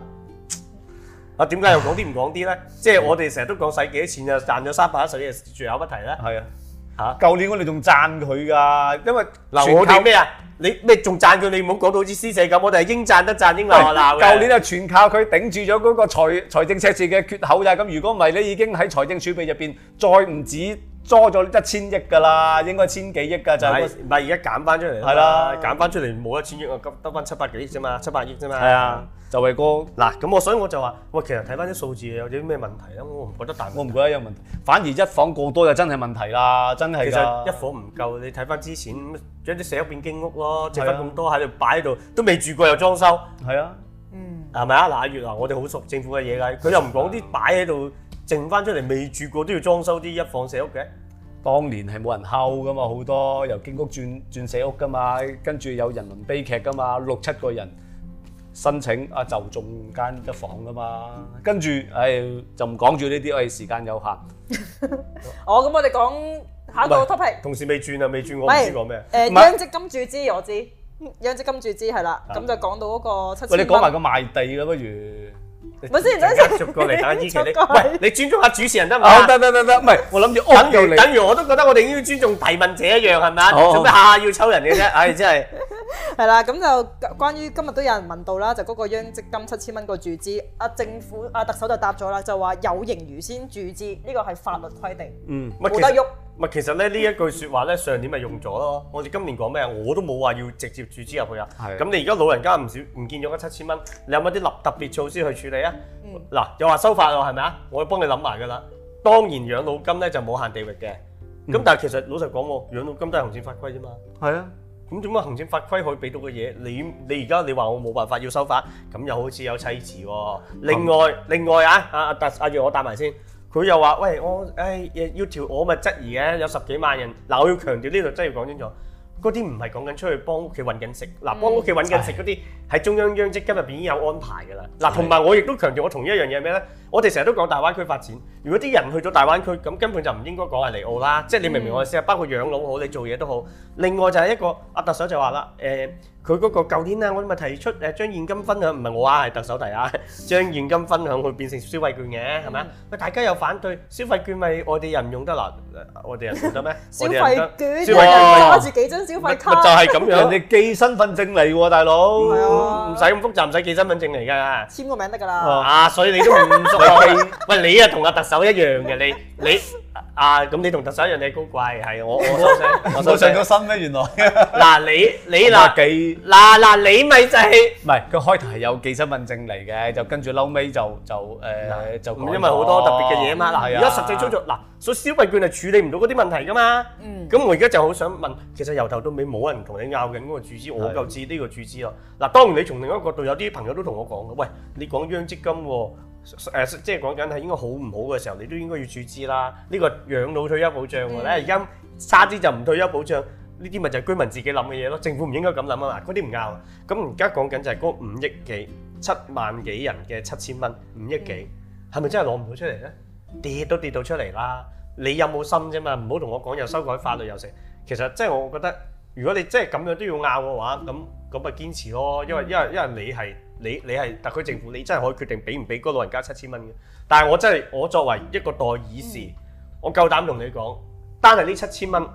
啊，點解又講啲唔講啲咧？即係我哋成日都講使幾多錢啊，賺咗三百一十億，就絕口不提咧。係啊。嚇！舊年我哋仲讚佢噶，因為全靠咩啊？你咩仲讚佢？你唔好講到好似施捨咁，我哋係應讚得讚應鬧鬧。舊年就全靠佢頂住咗嗰個財，財政赤字嘅缺口㗎。咁如果唔係，你已經喺財政儲備入面，再唔止。多咗一千億噶啦，應該千幾億噶，是就唔係而家、啊啊、減翻出嚟。係啦，減翻出嚟冇一千億,億,億啊，得得翻七百幾億啫嘛，七百億啫嘛。係啊，就係個嗱咁，我，所以我就話喂，其實睇翻啲數字有啲咩問題咧？我唔覺得，大，我唔覺得有問題，反而一房過多就真係問題啦，真係。其實一房唔夠，你睇翻之前，將啲社屋變經屋咯，積翻咁多喺度擺喺度，都未住過又裝修。係啊，是啊嗯，係咪啊？嗱，月啊，我哋好熟政府嘅嘢㗎，佢又唔講啲擺喺度。嗯剩翻出嚟未住過都要裝修啲，一,一房四屋嘅，當年係冇人睺噶嘛，好多由經屋轉轉社屋噶嘛，跟住有人倫悲劇噶嘛，六七個人申請阿就仲間一房噶嘛，跟住唉、哎、就唔講住呢啲，我哋時間有限。 哦，咁我哋講下一個 topic，同時未轉啊，未轉是我唔知講咩。誒、呃，央積是金注資我知，央積金注資係啦，咁的就講到嗰個七千蚊，你講埋個賣地啦不如。咪先，等一陣過嚟等依期啲。喂，你尊重下主持人得唔得？得得得得，唔係，我諗住等如等如，我都覺得我哋應該尊重提問者一樣，係咪啊？做咩下下要抽人嘅啫？唉，真係。係啦，咁就關於今日都有人問到啦，就嗰個央積金七千蚊個注資，阿政府阿特首就答咗啦，就話有盈餘先注資，呢個係法律規定，嗯，冇得喐。唔係，其實咧呢一句説話咧，上年咪用咗咯。我哋今年講咩啊？我都冇話要直接注資入去啊。係。咁你而家老人家唔少唔見咗七千蚊，你有冇啲特特別措施去處理啊？嗯。嗱，又話收返咯，係咪啊？我幫你諗埋㗎啦。當然養老金咧就冇限地域嘅。嗯。咁但係其實老實講喎，養老金都係行政法規啫嘛。係啊。咁點解行政法規可以俾到嘅嘢，你你而家你話我冇辦法要收返，咁又好似有砌詞喎。另外另外啊，阿阿阿月我帶埋先。佢又話：喂，我、哎、要調我咪質疑嘅，有十幾萬人。嗱，我要強調呢度、嗯、真係要講清楚，嗰啲唔係講緊出去幫屋企揾緊食。嗱，幫屋企揾緊食嗰啲喺中央央積金入邊已經有安排㗎啦。嗱是，同埋我亦都強調，我同意一樣嘢係咩呢？我哋成日都講大灣區發展，如果啲人去咗大灣區，咁根本就唔應該講係離澳啦。即係你明唔明我意思啊？包括養老好，你做嘢都好。另外就係一個阿特首就話啦，誒，佢嗰個舊年啊，我哋咪提出誒將現金分享，唔係我啊，係特首提啊，將現金分享去變成消費券嘅，係咪啊？喂，大家又反對消費券，咪我哋又唔用得嗱？我哋又唔用得咩？消費券，哇！攞住幾張消費卡，就係咁樣，你寄身份證嚟喎，大佬，唔使咁複雜，唔使寄身份證嚟㗎，簽個名得㗎啦。啊，所以你都唔～喂，喂，你啊同阿特首一樣嘅，你你啊咁你同特首一樣，你高貴係我我我上咗身咩？原來嗱你你嗱嗱嗱你咪就係唔係？個開頭係有寄身份證嚟嘅，就跟住後尾就就誒就咁，因為好多特別嘅嘢嘛。嗱，而家實際操作嗱，所以消費券係處理唔到嗰啲問題噶嘛。嗯，咁我而家就好想問，其實由頭到尾冇人同你拗緊呢個注資，我就知呢個注資咯。嗱，當然你從另一個角度，有啲朋友都同我講嘅，喂，你講央積金喎。誒即係講緊係應該好唔好嘅時候，你都應該要注資啦。呢個養老退休保障咧，而家沙啲就唔退休保障，呢啲咪就係居民自己諗嘅嘢咯。政府唔應該咁諗啊！嗱，嗰啲唔拗。咁而家講緊就係嗰五億幾七萬幾人嘅七千蚊五億幾，係咪真係攞唔到出嚟咧？跌都跌到出嚟啦，你有冇心啫嘛？唔好同我講又修改法律又成。其實即係我覺得，如果你即係咁樣都要拗嘅話，咁咁咪堅持咯。因為因為因為你係。你你係特區政府，你真係可以決定俾唔俾嗰個老人家七千蚊嘅。但係我真係我作為一個代議士，我夠膽同你講，單係呢七千蚊，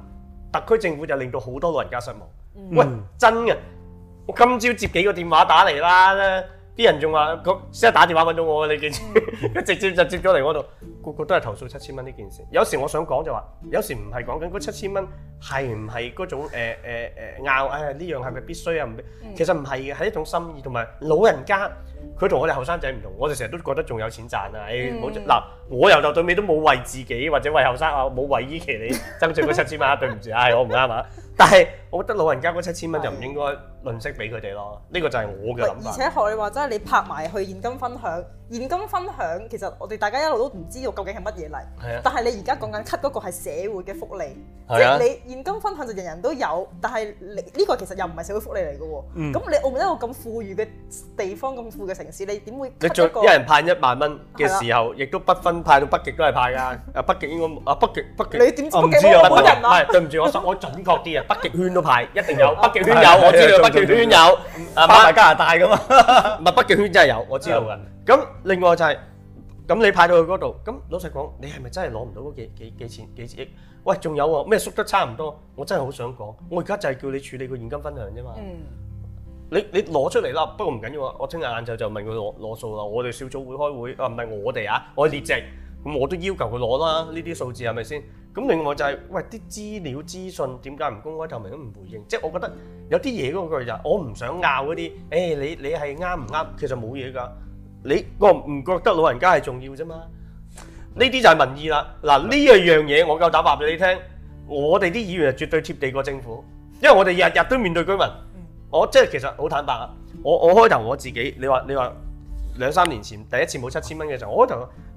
特區政府就令到好多老人家失望。嗯、喂，真嘅？我今朝接幾個電話打嚟啦。啲人仲話，即係打電話揾到我你件事，嗯、 佢直接就接咗嚟嗰度，個個都係投訴七千蚊呢件事。有時我想講就話，有時唔係講緊嗰七千蚊係唔係嗰種誒誒拗，哎、欸、呢、欸欸欸、樣係咪必須啊？唔，嗯、其實唔係嘅，係一種心意同埋老人家，佢同我哋後生仔唔同，我哋成日都覺得仲有錢賺啊！誒、欸，冇嗱、嗯，我由頭到尾都冇為自己或者為後生啊，冇為依期你爭取嗰七千蚊啊， 對唔住，唉、哎，我唔啱啊！但係我覺得老人家嗰七千蚊就唔應該，吝嗇俾佢哋咯，呢個就係我嘅。而且學你話齋，真係，你拍埋去現金分享，現金分享其實我哋大家一路都唔知道究竟係乜嘢嚟。係。但係你而家講緊 cut 嗰個係社會嘅福利，即係你現金分享就人人都有，但係你呢個其實又唔係社會福利嚟嘅喎。嗯。咁你澳門一個咁富裕嘅地方，咁富嘅城市，你點會？你再一人派一萬蚊嘅時候，亦都不分派到北極都係派㗎。啊，北極應該啊，北極北極。你點知北極？我唔知有冇人啊。係，對唔住，我我準確啲啊，北極圈都派，一定有北極圈有，我知道。條條圈有，拍埋加拿大咁啊，密北嘅圈真係有，我知道㗎。咁另外就係，咁你派到去嗰度，咁老實講，你係咪真係攞唔到嗰幾幾幾千幾億？喂，仲有喎，咩縮得差唔多？我真係好想講，我而家就係叫你處理個現金分享啫嘛。嗯，你你攞出嚟啦，不過唔緊要啊，我聽日晏晝就問佢攞攞數啦。我哋小組會開會，啊唔係我哋啊，我列席。咁我都要求佢攞啦，呢啲數字係咪先？咁另外就係，喂啲資料資訊點解唔公開透明都唔回應？即係我覺得有啲嘢嗰句就，我唔想拗嗰啲，誒你你係啱唔啱？其實冇嘢㗎，你我唔覺得老人家係重要啫嘛。呢啲就係民意啦。嗱呢一樣嘢我夠膽話俾你聽，我哋啲議員係絕對貼地過政府，因為我哋日日都面對居民。嗯，我即係其實好坦白，我我開頭我自己，你話你話。兩三年前第一次冇七千蚊嘅時候，我就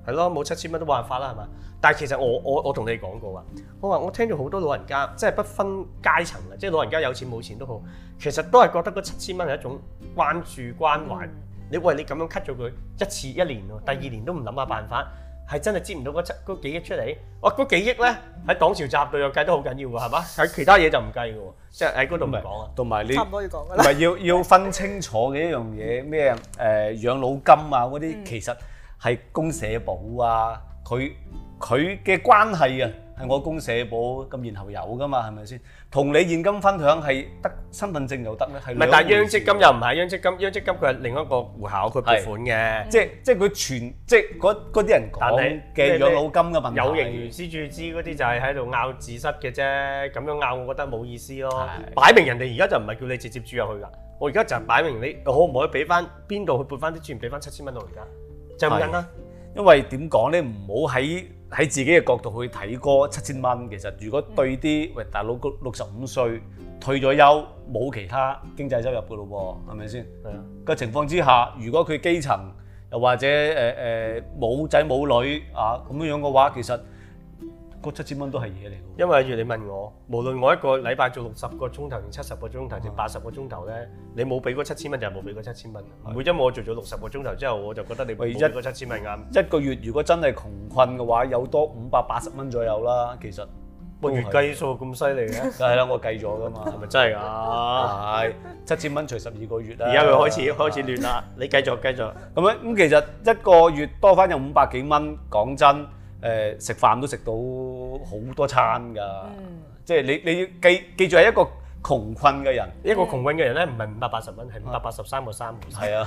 係咯，冇七千蚊都冇辦法啦，係嘛？但係其實我我我同你講過啊，我話我，我，我聽咗好多老人家，即係不分階層啊，即係老人家有錢冇錢都好，其實都係覺得嗰七千蚊係一種關注關懷。嗯、你喂你咁樣 cut 咗佢一次一年喎，第二年都唔諗下辦法。嗯嗯係真係接唔到嗰七幾億出嚟，哇嗰幾億咧喺黨潮集團又計得好緊要喎，係嘛？喺其他嘢就唔計嘅喎，即係喺嗰度唔講啊。同埋你，差唔多要講啦，唔係要要,要分清楚嘅一樣嘢咩？誒、嗯呃、養老金啊嗰啲，些嗯、其實係公社保啊，佢佢嘅關係啊。係我供社保咁，然後有噶嘛，係咪先？同你現金分享係得身份證又得咧，係。唔係，但係央積金又唔係央積金，央積金佢係另一個戶口，佢撥款嘅，即係即係佢存，即係嗰嗰啲人講嘅養老金嘅問題。有盈餘先注資嗰啲就係喺度拗字蝨嘅啫，咁樣拗我覺得冇意思咯。擺明人哋而家就唔係叫你直接注入去㗎，我而家就擺明你可唔可以俾翻邊度去撥翻啲錢俾翻七千蚊到而家？就唔得啦，因為點講咧？唔好喺喺自己嘅角度去睇，個七千蚊其實如果對啲，喂，大佬六十五歲退咗休冇其他經濟收入噶咯喎，係咪先？係啊，個情況之下，如果佢基層又或者誒誒冇仔冇女啊咁樣樣嘅話，其實。嗰七千蚊都係嘢嚟嘅，因為譬如你問我，無論我一個禮拜做六十個鐘頭、定七十個鐘頭、定八十個鐘頭咧，你冇俾嗰七千蚊就冇俾嗰七千蚊，唔會因為我做咗六十個鐘頭之後，我就覺得你俾咗嗰七千蚊啊。一個月如果真係窮困嘅話，有多五百八十蚊左右啦。其實月計數咁犀利嘅，梗係啦，我計咗㗎嘛，係咪真係㗎？係七千蚊除十二個月啦。而家佢開始開始亂啦，你繼續繼續咁樣，咁其實一個月多返有五百幾蚊，講真。誒食飯都食到好多餐㗎，即係你你記記住係一個窮困嘅人，一個窮困嘅人咧，唔係五百八十蚊，係五百八十三個三毫子。係啊，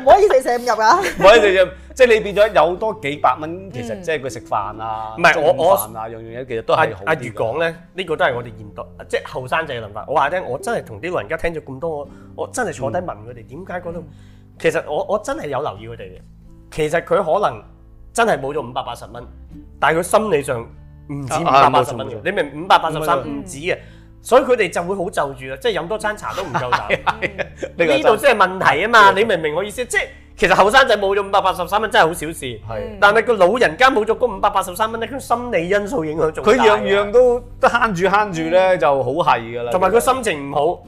唔可以四捨五入啊。唔可以四入，即係你變咗有多幾百蚊，其實即係佢食飯啊，中午飯，我啊，樣樣嘢其實都阿阿如講咧，呢個都係我哋現代即係後生仔嘅諗法。我話你聽，我真係同啲老人家聽咗咁多，我我真係坐低問佢哋點解覺得其實我我真係有留意佢哋嘅，其實佢可能。真係冇咗五百八十蚊，但係佢心理上唔止五百八十蚊嘅，你明五百八十三唔止嘅，所以佢哋就會好就住啦，即係飲多餐茶都唔夠啖。呢度先係問題啊嘛，的你明唔明我意思？即係其實後生仔冇咗五百八十三蚊真係好小事，是的但係個老人家冇咗嗰五百八十三蚊咧，佢心理因素影響仲大。佢樣樣都慳住慳住咧就好係噶啦，同埋佢心情唔好。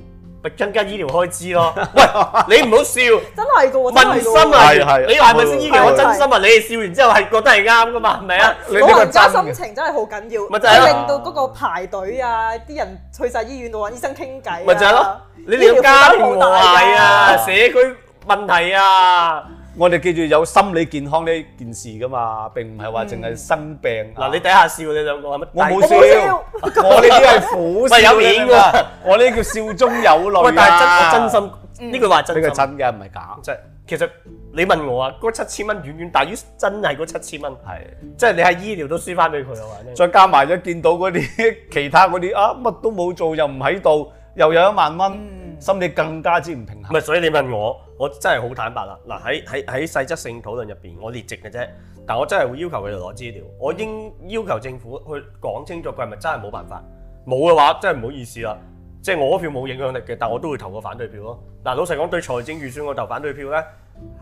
咪增加醫療開支咯， 喂，你唔好笑，真係噶喎，的的問心啊，是是你係咪先依家我真心啊？是是你笑完之後係覺得係啱噶嘛？係咪啊？是是老人家心情真係好緊要，咪就係令、啊、到嗰個排隊啊，啲、啊、人去晒醫院度揾醫生傾偈、啊，咪就係咯、啊，你療加負荷大啊，社區問題啊。我哋記住有心理健康呢件事㗎嘛，並唔係話淨係生病。嗱，你睇下笑你兩個係乜？我冇笑，我呢啲係苦係有面㗎，我呢叫笑中有淚，但係真，我真心呢句話真。呢句真嘅唔係假。真，其實你問我啊，嗰七千蚊遠遠大於真係嗰七千蚊。係，即係你喺醫療都輸翻俾佢啊嘛。再加埋咗見到嗰啲其他嗰啲啊，乜都冇做又唔喺度，又有一萬蚊，心理更加之唔平衡。唔係，所以你問我。我真係好坦白啦，嗱喺喺喺細則性討論入邊，我列席嘅啫。但我真係會要求佢哋攞資料，我應要求政府去講清楚，佢係咪真係冇辦法？冇嘅話，真係唔好意思啦。即係我票冇影響力嘅，但我都會投個反對票咯。嗱，老實講，對財政預算案投反對票咧，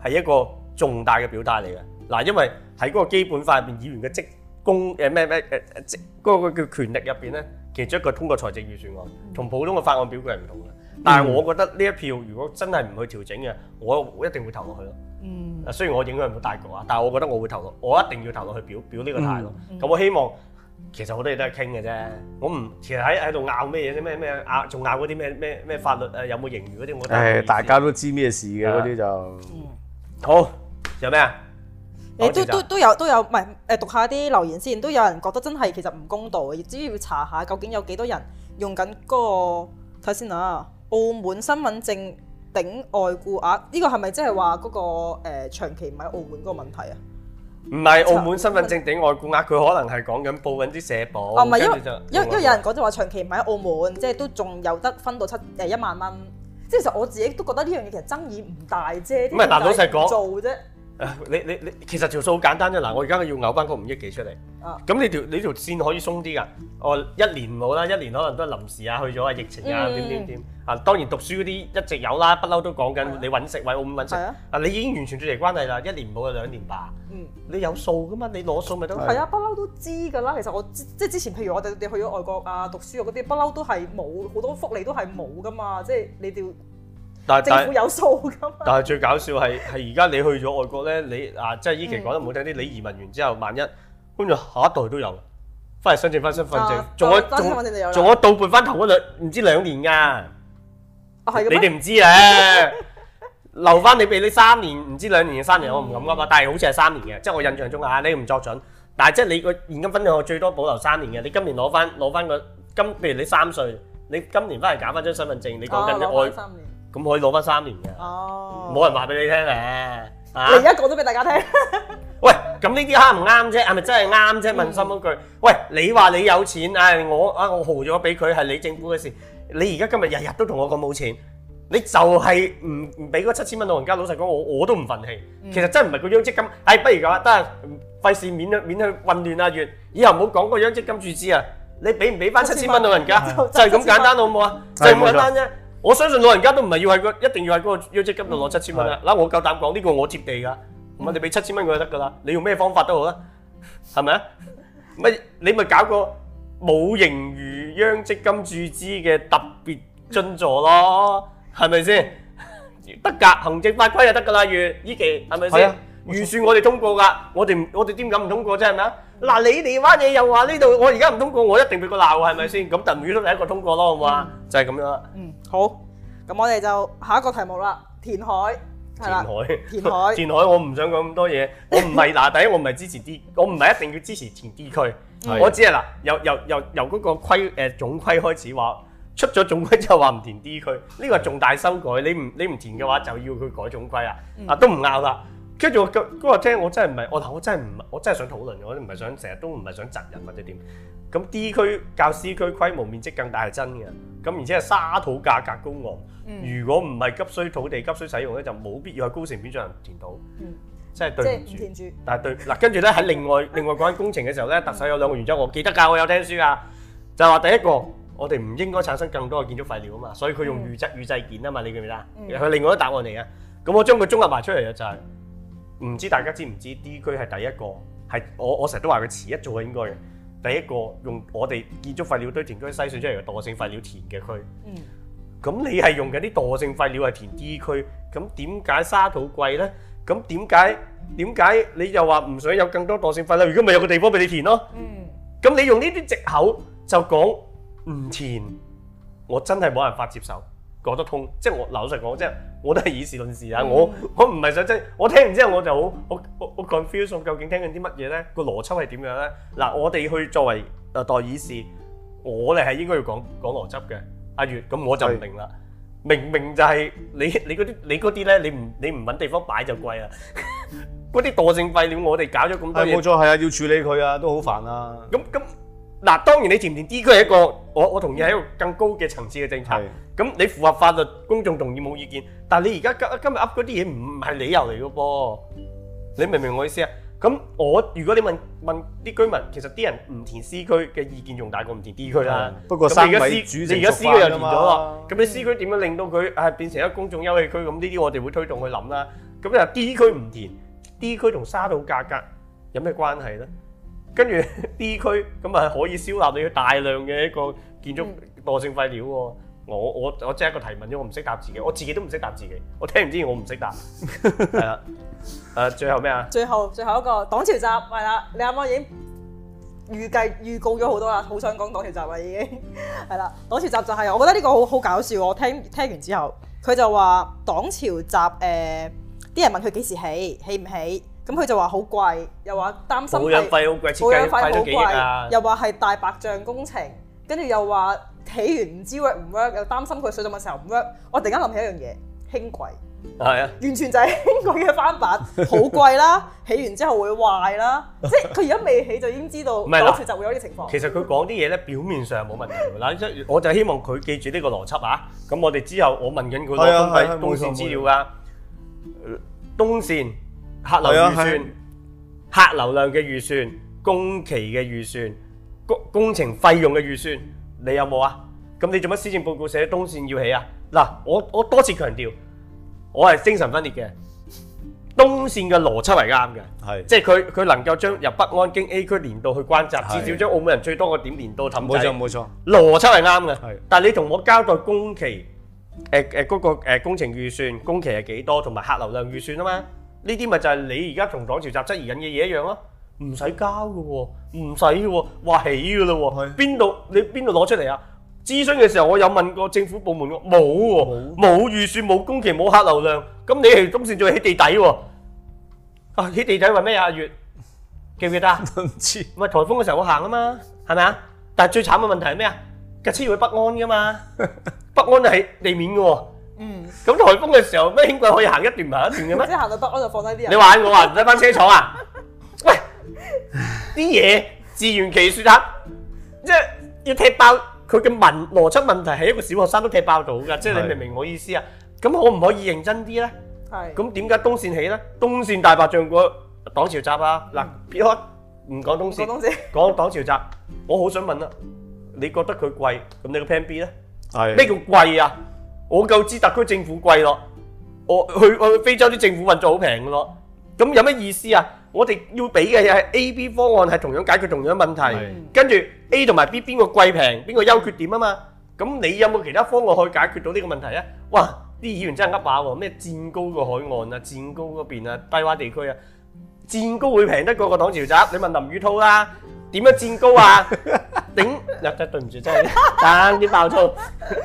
係一個重大嘅表達嚟嘅。嗱，因為喺嗰個基本法入邊，議員嘅職公誒咩咩誒誒職嗰個叫權力入邊咧，其中一個通過財政預算案，同普通嘅法案表決係唔同嘅。嗯、但係，我覺得呢一票如果真係唔去調整嘅，我一定會投落去咯。嗯。啊，雖然我影響唔到大局啊，但係我覺得我會投落，我一定要投落去表表呢個態度。咁、嗯嗯、我希望、嗯、其實好多嘢都係傾嘅啫。我唔其實喺喺度拗咩嘢啫，咩咩拗仲拗嗰啲咩咩咩法律誒、啊、有冇盈餘嗰啲我誒，大家都知咩事嘅嗰啲就好有咩啊？誒，都都都有都有，唔係誒，讀下啲留言先。都有人覺得真係其實唔公道嘅，亦都要查下究竟有幾多人用緊嗰個睇先啊。澳門身份證頂外顧額呢個係咪即係話嗰個誒長期唔喺澳門嗰個問題啊？唔係澳門身份證頂外顧額，佢可能係講緊報緊啲社保。哦，唔係，因為因為因為有人講就話長期唔喺澳門，即係都仲有得分到七誒一萬蚊。即係其實我自己都覺得呢樣嘢其實爭議唔大啫。唔係，嗱，老實講，做啫。誒，你你你，其實條數好簡單啫。嗱，我而家要嘔翻嗰五億幾出嚟。啊。咁你條你條線可以鬆啲㗎？我一年冇啦，一年可能都係臨時啊，去咗啊，疫情啊，點點點。啊，當然讀書嗰啲一直有啦，不嬲都講緊你揾食。喂我唔揾食？啊，你已經完全脫離關係啦，一年冇啊兩年吧。嗯，你有數噶嘛？你攞數咪得。係啊，不嬲都知噶啦。其實我即係之前，譬如我哋哋去咗外國啊讀書嗰啲，不嬲都係冇好多福利都係冇噶嘛。即係你哋，但係政府有數噶嘛。但係最搞笑係係而家你去咗外國咧，你啊即係依期講得唔好聽啲，你移民完之後萬一跟住下一代都有，翻嚟申請翻身份證，仲可仲仲可倒撥翻頭嗰兩唔知兩年噶。你哋唔知咧，留翻你俾你三年，唔知兩年定三年，我唔敢講，但係好似係三年嘅，即係我印象中啊，你唔作準，但係即係你個現金分享我最多保留三年嘅，你今年攞翻攞翻個金，譬如你三歲，你今年翻嚟搞翻張身份證，你講緊咧我，咁可以攞翻三年嘅，冇人話俾你聽咧，你而家講咗俾大家聽，喂，咁呢啲啱唔啱啫，係咪真係啱啫？問心一句，喂，你話你有錢，唉，我啊我豪咗俾佢，係你政府嘅事。你而家今日日日都同我講冇錢，你就係唔唔俾嗰七千蚊老人家，老實講，我我都唔忿氣。其實真係唔係個公積金，係不如咁，得啦，費事免去免去混亂啊！完，以後唔好講個公積金注資啊！你俾唔俾翻七千蚊老人家，就係咁簡單，好唔好啊？就係咁簡單啫！我相信老人家都唔係要係個，一定要係個公積金度攞七千蚊啦。嗱，我夠膽講呢個我貼地噶，唔係你俾七千蚊佢就得噶啦，你用咩方法都好啦，係咪啊？咪你咪搞個冇盈餘。央積金注資嘅特別津助咯，係咪先？得噶行政法規就得噶啦，如依期係咪先？預算我哋通過噶，我哋我哋點敢唔通過啫？係咪啊？嗱，你哋玩嘢又話呢度，我而家唔通過，我一定俾個鬧，係咪先？咁等於都係一個通過咯，好冇？就係咁樣啦。嗯，好，咁我哋就下一個題目啦，填海。填海，填海，填海我唔，我唔想講咁多嘢，我唔係嗱，第一我唔係支持 D， 我唔係一定要支持填 D 區，是的我只係嗱，由由由由嗰個規誒總規開始話，出咗總規之後話唔填 D 區，呢、呢個重大修改，你唔你唔填嘅話就要去改總規啦，啊都唔啱啦。跟住我，佢佢聽，我真係唔係，我但係我真係唔，我真係想討論我我唔係想成日都唔係想窒人或者點。咁 D 區較 C 區規模面積更大係真嘅，咁而且沙土價格高昂，如果唔係急需土地急需使用咧，就冇必要喺高成本進行填土。即係對但係對嗱，跟住咧喺另外另外講緊工程嘅時候咧，特首有兩個原則，我記得㗎，我有聽書㗎，就話第一個我哋唔應該產生更多嘅建築廢料啊嘛，所以佢用預製預製件啊嘛，你記唔記得？佢另外一答案嚟嘅。咁我將佢綜合埋出嚟嘅就係。唔知大家知唔知 D 區係第一個，係我我成日都話佢遲一做嘅應該嘅。第一個用我哋建築廢料堆填區篩選出嚟嘅惰性廢料填嘅區。嗯，咁你係用緊啲惰性廢料嚟填 D 區，咁點解沙土貴咧？咁點解點解你又話唔想有更多惰性廢料？如果咪有個地方俾你填咯。嗯，咁你用呢啲藉口就講唔填，我真係冇辦法接受。講得通，即係我嗱，老實講，即係我都係以事論事啊！我我唔係想即係，我聽完之後我就好，我我 confusion 究竟聽緊啲乜嘢咧？個邏輯係點樣咧？嗱，我哋去作為啊代議士，我哋係應該要講講邏輯嘅。阿月咁我就唔明啦，對 明明就係你你嗰啲你嗰啲咧，你唔你唔揾地方擺就貴啊！嗰啲惰性廢料我哋搞咗咁多，冇錯係啊，要處理佢啊，都好煩啊。咁咁。嗱，當然你填唔填 D 區係一個，我我同意係一個更高嘅層次嘅政策。咁是你符合法律，公眾同意冇意見，但係你而家今日噏嗰啲嘢唔係理由嚟嘅噃，嗯、你明唔明我意思啊？咁我如果你問問啲居民，其實啲人唔填 C 區嘅意見仲大過唔填 D 區啦、嗯。不過而家 C, C 區又填咗啦，咁嘛你 C 區點樣令到佢係變成一個公眾休憩區？咁呢啲我哋會推動去諗啦。咁啊，D 區唔填，D 區同沙島價格有咩關係咧？跟住 B 區咁啊，可以消納到大量嘅一個建築惰性廢料喎、嗯。我我我即係一個提問啫，我唔識答自己，我自己都唔識答自己。我聽唔知，我唔識答，係啦。 誒，最後咩啊？最後最後，最後一個《黨潮集》係啦，你啱啱已經預計預告咗好多啦，好想講《黨潮集、就是》啦已經係啦，《黨潮集》就係我覺得呢個好好搞笑喎！我聽聽完之後，佢就話《黨潮集》誒、呃，啲人問佢幾時起，起唔起？咁佢就話好貴，又話擔心保養費好貴，設計費都貴，又話係大白象工程，跟住又話起完唔知 work 唔 work，又擔心佢水浸嘅時候唔 work。我突然間諗起一樣嘢，輕軌，係啊，完全就係輕軌嘅翻版，好貴啦，起完之後會壞啦，即係佢而家未起就已經知道，唔係啦，就會有呢個情況。其實佢講啲嘢咧，表面上冇問題啦，即係我就希望佢記住呢個邏輯啊。咁我哋之後我問緊佢都係東線資料啊，東線。客流預算、啊啊、客流量嘅預算、工期嘅預算、工工程費用嘅預算，你有冇啊？咁你做乜施政報告寫東線要起啊？嗱，我我多次強調，我係精神分裂嘅。東線嘅邏輯係啱嘅，係是即係佢佢能夠將由北安經 A 區連到去關閘，是至少將澳門人最多個點連到氹仔，冇錯冇錯，錯邏輯係啱嘅。是但係你同我交代工期，誒誒嗰個誒工程預算工期係幾多，同埋客流量預算啊嘛。呢啲咪就係你而家同港潮集質而引嘅嘢一樣咯、啊，唔使交㗎喎、啊，唔使嘅喎，話起㗎喇喎，邊度的你邊度攞出嚟啊？諮詢嘅時候我有問過政府部門喎，冇喎、啊，冇預算，冇工期，冇客流量，咁你係東線仲要起地底喎、啊？啊，起地底為咩啊？阿月記唔記得啊？唔知。咁颱風嘅時候我行啊嘛，係咪 啊？但係最慘嘅問題係咩啊？架車要去北安㗎嘛，北安係地面嘅喎。嗯，咁颱風嘅時候咩輕軌可以行一段埋一段嘅咩？即係行到北安就放低啲人。你玩我啊，唔使翻車廠啊？喂，啲嘢自圓其說吓，即係要踢爆佢嘅問邏輯問題，係一個小學生都踢爆到噶。即係你明唔明我意思啊？咁可唔可以認真啲咧？係。咁點解東線起咧？東線大白象個擋潮閘啊？嗱，撇開唔講東線，講擋潮閘，我好想問啦，你覺得佢貴？咁你個 plan B 咧？係。咩叫貴啊？我夠知道特區政府貴咯，我去去非洲啲政府運作好平噶咯，咁有咩意思啊？我哋要俾嘅嘢係 A、B 方案係同樣解決同樣問題，是跟住 A 同埋 B 邊個貴平，邊個優缺點啊嘛？咁你有冇其他方案可以解決到呢個問題啊？哇！啲議員真係噏話喎，咩佔高個海岸啊，佔高嗰邊啊，低洼地區啊，佔高會平得過個擋潮閘？你問林宇滔啦。點樣佔高啊？頂，日真對唔住，真係，爭啲爆粗，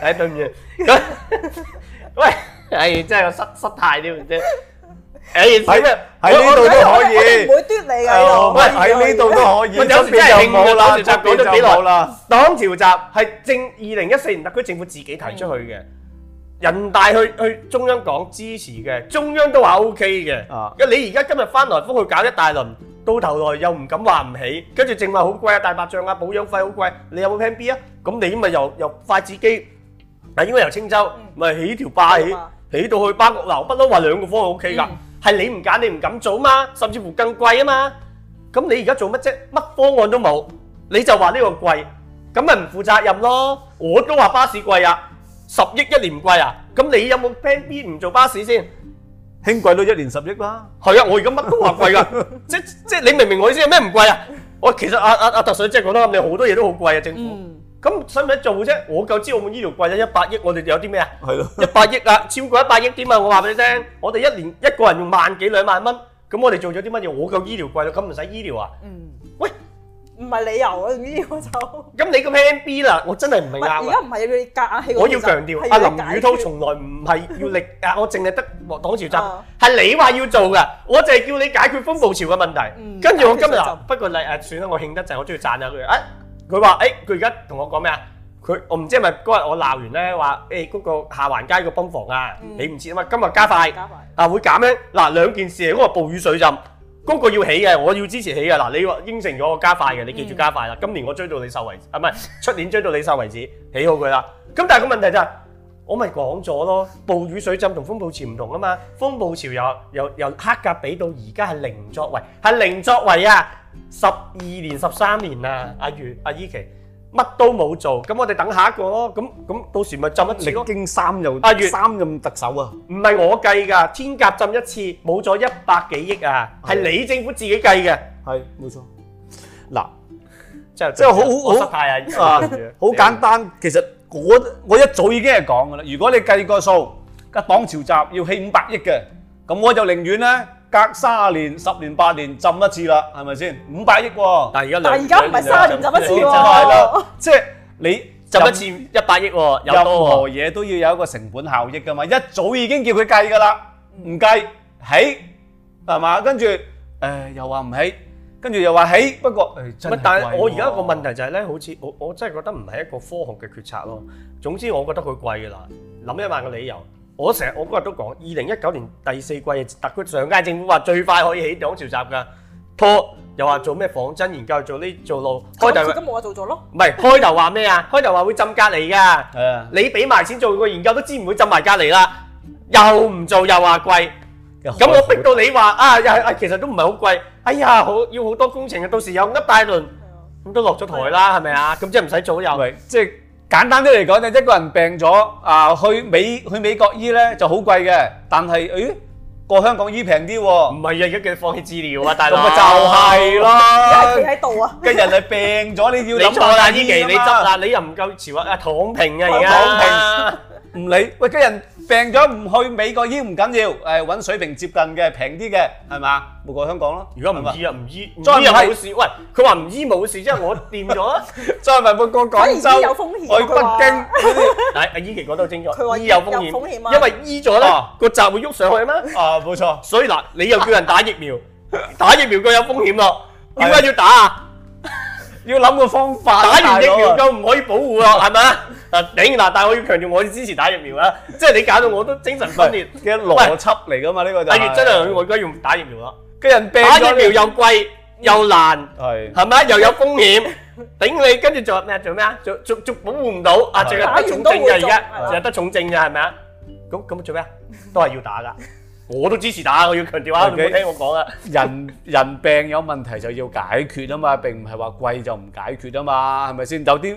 誒對唔住，咁，喂，誒真係失失態添唔知，誒喺咩喺呢度都可以，唔會攤你嘅，喎，喺呢度都可以，有時真係興我啦，講咗幾耐啦，黨潮集係正二零一四年特區政府自己提出去嘅，人大去去中央講支持嘅，中央都話 O K 嘅，啊，咁你而家今日翻來覆去搞一大輪。到頭來又唔敢話唔起，跟住淨話好貴啊，大白象啊，保養費好貴，你有冇 plan B 啊？咁你咪由由筷子機，嗱應該由青州，咪起條霸起，起到去巴國樓，不嬲話兩個方案 OK 㗎，係你唔揀你唔敢做嘛，甚至乎更貴啊嘛，咁你而家做乜啫？乜方案都冇，你就話呢個貴，咁咪唔負責任咯。我都話巴士貴啊，十億一年貴啊，咁你有冇 plan B 唔做巴士先？輕軌都一年十億啦，係啊，我而家乜都話貴噶，即即你明唔明我意思？咩唔貴啊？我其實阿阿阿特首即係講得啱，你好多嘢都好貴啊，政府。咁使唔使做啫？我夠知澳門醫療貴咗，一百億，我哋有啲咩啊？係咯，一百億啊，超過一百億點啊？我話俾你聽，我哋一年一個人用萬幾兩萬蚊，咁我哋做咗啲乜嘢？我夠醫療貴啦，咁唔使醫療啊？嗯。唔係理由啊！呢我就咁你咁 M B 啦，我真係唔明啊！而家唔係要你夾硬，我要強調啊！林宇滔從來唔係要力壓，我淨係得擋潮閘，係你話要做㗎，我就係叫你解決風暴潮嘅問題。跟住我今日不過嚟誒，算啦，我慶得滯，我中意讚下佢。誒，佢話誒，佢而家同我講咩啊？佢我唔知係咪嗰日我鬧完咧話誒嗰個下環街個泵房啊，你唔知啊嘛？今日加快嗱會減咩？嗱兩件事，嗰個暴雨水浸。嗰個要起嘅，我要支持起嘅。嗱，你應承咗我加快嘅，你記住加快啦。嗯、今年我追到你受為，啊唔係出年追到你受為止，起好佢啦。咁但係個問題就係、是，我咪講咗咯，暴雨水浸同風暴潮唔同啊嘛。風暴潮由由由黑格比到而家係零作為，係零作為啊，十二年十三年啊、嗯，阿月阿依琪。乜都冇做，咁我哋等下一個咯。咁咁到時咪浸一歷經三又三任特首啊？唔係我計㗎，天鴿浸一次冇咗一百幾億啊，係你政府自己計嘅。係冇錯，嗱，即係即係好好失態啊！好簡單，其實我我一早已經係講㗎啦。如果你計個數，家擋潮閘要起五百億嘅，咁我就寧願咧。隔三年、十年、八年浸一次啦，係咪先？五百億喎。但係而家兩，但係而家唔係三年浸一次喎。即係你浸一次一百億喎，任何嘢都要有一個成本效益噶嘛。一早已經叫佢計噶啦，唔計起係嘛？跟住誒又話唔起，跟住又話起，不過但係我而家個問題就係咧，好似我我真係覺得唔係一個科學嘅決策咯。總之我覺得佢貴噶啦，諗一萬個理由。我成日我嗰日都講，二零一九年第四季特區上屆政府話最快可以起港潮閘噶，拖又話做咩仿真研究做呢做路，咁我做咗咯。唔係開頭話咩啊？開頭話會浸隔離噶。誒，你俾埋錢做個研究都知唔會浸埋隔離啦。又唔做又話貴，咁我逼到你話啊，又係其實都唔係好貴。哎呀，好要好多工程啊，到時有噏大輪咁都落咗台啦，係咪啊？咁即係唔使做又即係。簡單啲嚟講，你一個人病咗啊，去美去美國醫呢就好貴嘅，但係誒過香港醫平啲喎。唔係呀，而家幾多放血治療啊，大佬就係咯。又係貼喺度啊！咁人哋病咗，你要諗啊。你錯啦，依期你執啦，你又唔夠潮啊，躺平啊，而家躺平，唔理。喂，咁人。病咗唔去美國醫唔緊要，誒揾水平接近嘅平啲嘅，係嘛？冇過香港咯。如果唔醫啊，唔醫。再唔係冇事。喂，佢話唔醫冇事，即係我掂咗。再唔係換個廣州。果然醫有風險。去北京。係啊，伊琪講得好清楚。醫有風險。因為醫咗啦，個集會喐上去咩？啊，冇錯。所以嗱，你又叫人打疫苗，打疫苗夠有風險咯。點解要打啊？要諗個方法。打完疫苗夠唔可以保護啊？係咪啊？啊，頂嗱！但係我要強調，我支持打疫苗啦。即係你搞到我都精神分裂嘅邏輯嚟噶嘛？呢個就真係我而家要打疫苗啦。跟住病再打疫苗又貴又難，係係咪啊？又有風險，頂你跟住做咩啊？做咩啊？做做做保護唔到啊！打完都會，仲有得重症㗎，係咪啊？咁咁做咩啊？都係要打噶，我都支持打。我要強調啊，你冇聽我講啊！人人病有問題就要解決啊嘛，並唔係話貴就唔解決啊嘛，係咪先？有啲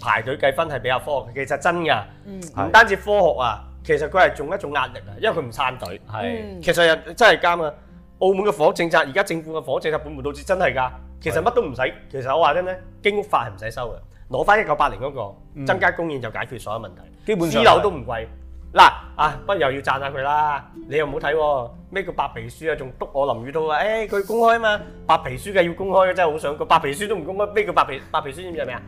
排隊計分係比較科學嘅，其實是真噶，唔、嗯、單止科學啊，其實佢係仲一種壓力啊，因為佢唔撐隊。係、嗯、其實又真係啱啊，澳門嘅房屋政策，而家政府嘅房屋政策本末倒置，真係噶、啊。其實乜都唔使，是其實我話真咧，經屋法係唔使收嘅，攞翻一九八零嗰個、嗯、增加供應就解決所有問題。基本上，私樓都唔貴嗱是啊，不過又要讚下佢啦。你又冇睇喎，咩叫白皮書啊？仲督我林宇滔啊。誒、欸、佢要公開嘛，白皮書嘅要公開嘅，真係好想過白皮書都唔公開，咩叫白皮白皮書知唔知係咩啊？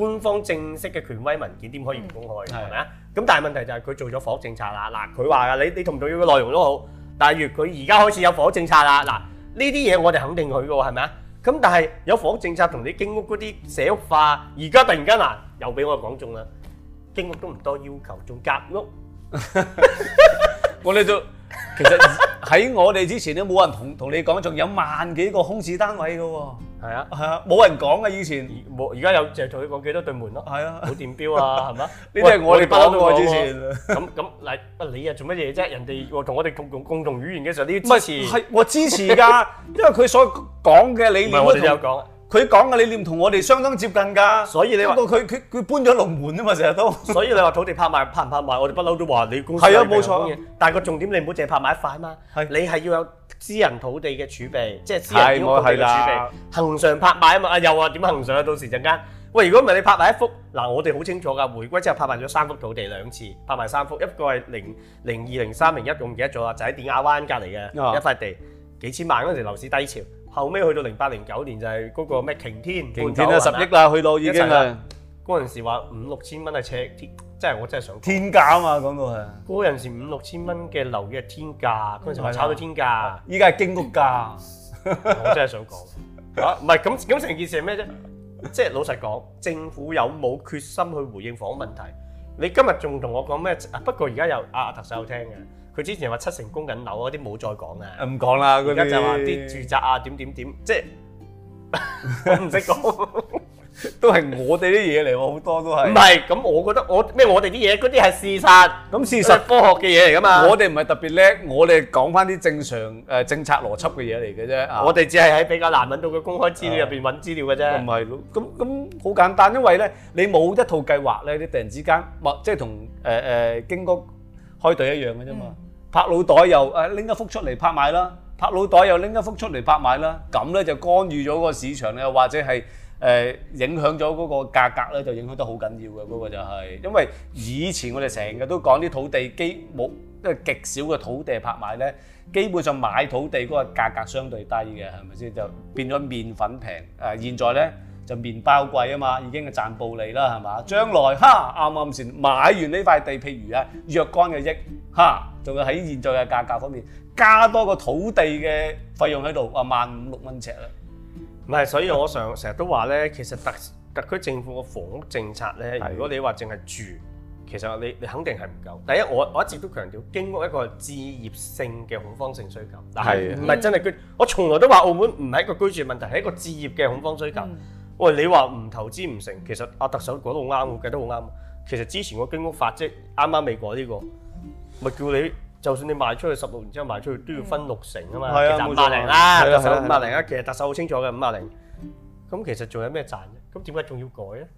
官方正式嘅權威文件點可以唔公開嘅？係咪啊？咁的但係問題就係佢做咗房屋政策啦。嗱，佢話噶，你你同唔同意嘅內容都好，但係如佢而家開始有房屋政策啦。嗱，呢啲嘢我哋肯定佢嘅喎，係咪啊？咁但係有房屋政策同你經屋嗰啲社屋化，而家突然間嗱，又俾我講中啦。經屋都唔多要求，仲隔屋。 我哋就其實喺我哋之前都冇人同同你講，仲有萬幾個空置單位嘅喎。係啊，係啊，冇人講嘅以前，冇而家有淨係同佢講幾多對門咯。係啊，冇電標啊，係嘛？呢啲係我哋講嘅之前。咁咁，嗱，啊你又做乜嘢啫？人哋同我哋共共同語言嘅時候，你要支持。係我支持㗎，因為佢所講嘅理念。唔係我哋有講。佢講嘅理念同我哋相當接近㗎。所以你話不過佢佢佢搬咗龍門啊嘛，成日都。所以你話土地拍賣拍唔拍賣，我哋不嬲都話你公司。係啊，冇錯。但個重點你唔好淨係拍賣一塊啊嘛。係。你係要有。私人土地嘅儲備，即係私人土地嘅儲備，恆常拍賣啊嘛，啊又話點恆常啊？到時陣間，喂，如果唔係你拍賣一幅，嗱我哋好清楚噶，回歸之後拍賣咗三幅土地兩次，拍賣三幅，一個係零零二零三零一，共幾多座啊？就喺典雅灣隔離嘅一塊地，幾千萬，嗰陣時樓市低潮，後尾去到零八零九年就係嗰個咩擎天，擎天啊十億啦，去到已經啦，嗰陣時話五六千蚊啊尺。真係我真係想講天價啊嘛，講到係，嗰陣時五六千蚊嘅樓嘅天價，嗰陣時話炒到天價，依家係經屋價，我真係想講，嚇唔係咁咁成件事係咩啫？即係老實講，政府有冇決心去回應房屋問題？你今日仲同我講咩？不過而家又阿阿特首有聽嘅，佢之前話七成供緊樓嗰啲冇再講啦，唔講啦，而家就話啲住宅啊點點點，即係唔識講。都係我哋啲嘢嚟喎，好多都係。唔係，咁我覺得我咩我哋啲嘢嗰啲係事實，咁事實科學嘅嘢嚟噶嘛。我哋唔係特別叻，我哋講翻啲正常誒政策邏輯嘅嘢嚟嘅啫。我哋只係喺比較難揾到嘅公開資料入邊揾資料嘅啫。唔係咯，咁咁好簡單，因為咧你冇一套計劃咧，你突然之間，即係同誒誒經哥開隊一樣嘅啫嘛。拍腦袋又誒拎一幅出嚟拍賣啦，拍腦袋又拎一幅出嚟拍賣啦，咁咧就干預咗個市場咧，或者係。誒影響咗嗰個價格咧，那個、就影響得好緊要嘅嗰個就係，因為以前我哋成日都講啲土地基冇，即係極少嘅土地拍賣咧，基本上買土地嗰個價格相對低嘅，係咪先？就變咗麵粉平，誒現在咧就麵包貴啊嘛，已經係賺暴利啦，係嘛？將來哈啱啱先買完呢塊地，譬如啊若干嘅億，哈仲要喺現在嘅價格方面加多個土地嘅費用喺度，萬五六蚊尺啦。唔係，所以我常成日都話咧，其實特特區政府個房屋政策咧，的如果你話淨係住，其實你你肯定係唔夠。第一，我我一直都強調經屋一個置業性嘅恐慌性需求，但係唔係真係居。我從來都話澳門唔係一個居住問題，係一個置業嘅恐慌需求。喂的，話你話唔投資唔成，其實阿、啊、特首講得好啱，我計得好啱。其實之前個經屋法即啱啱未改呢個，咪叫你。就算你賣出去十六年之後賣出去都要分六成啊嘛，係啊，五百零啦，係啊，五百零啊，其實特首好清楚嘅五百零。咁其實仲有咩賺咧？咁點解仲要改咧？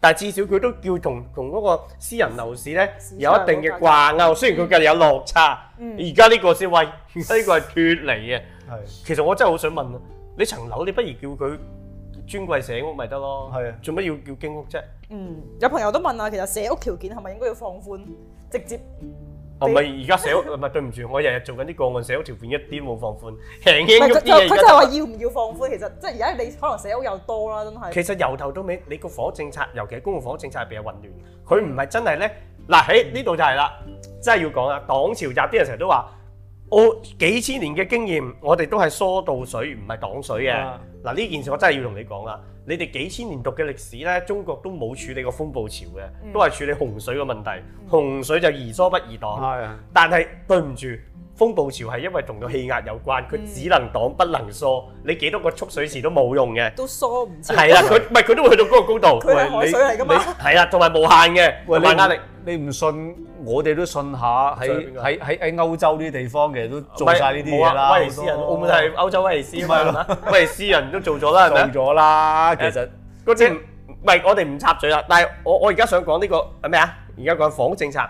但係至少佢都叫同同嗰個私人樓市咧，有一定嘅掛鈎。雖然佢隔籬有落差，而家呢個先喂，呢個係脫離嘅。係，其實我真係好想問啊，你層樓你不如叫佢尊貴社屋咪得咯？係啊，做乜要叫經屋啫？嗯，有朋友都問啊，其實社屋條件係咪應該要放寬，直接？唔係而家社屋唔 對唔住，我日日做緊啲個案，社屋條款一啲冇放寬，平驚喐啲嘢。佢就話要唔要放寬？其實即係而家你可能社屋又多啦，真係。其實由頭到尾，你個房屋政策，尤其是公共房屋政策比較係混亂嘅。佢唔係真係呢？嗱喺呢度就係啦，是了真係要講啊！黨潮入啲人成日都話。我幾千年嘅經驗，我哋都係疏導水，唔係擋水嘅。嗱呢、嗯、件事我真係要同你講啦。你哋幾千年讀嘅歷史咧，中國都冇處理過風暴潮嘅，都係處理洪水嘅問題。洪水就宜疏不宜擋，嗯、但係對唔住。風暴潮係因為同個氣壓有關，佢只能擋不能疏，你幾多個蓄水池都冇用嘅，都疏唔清。係啦，佢唔係佢都會去到嗰個高度，佢係海水嚟㗎嘛。係啦，同埋無限嘅。喂，你壓力，你唔信，我哋都信下喺喺喺喺歐洲呢啲地方，其實都做晒呢啲嘢啦。威尼斯啊，澳門係歐洲威尼斯咪咯，威尼斯人都做咗啦，係咪？做咗啦，其實嗰啲唔係我哋唔插嘴啦，但係我我而家想講呢個係咩啊？而家講房屋政策，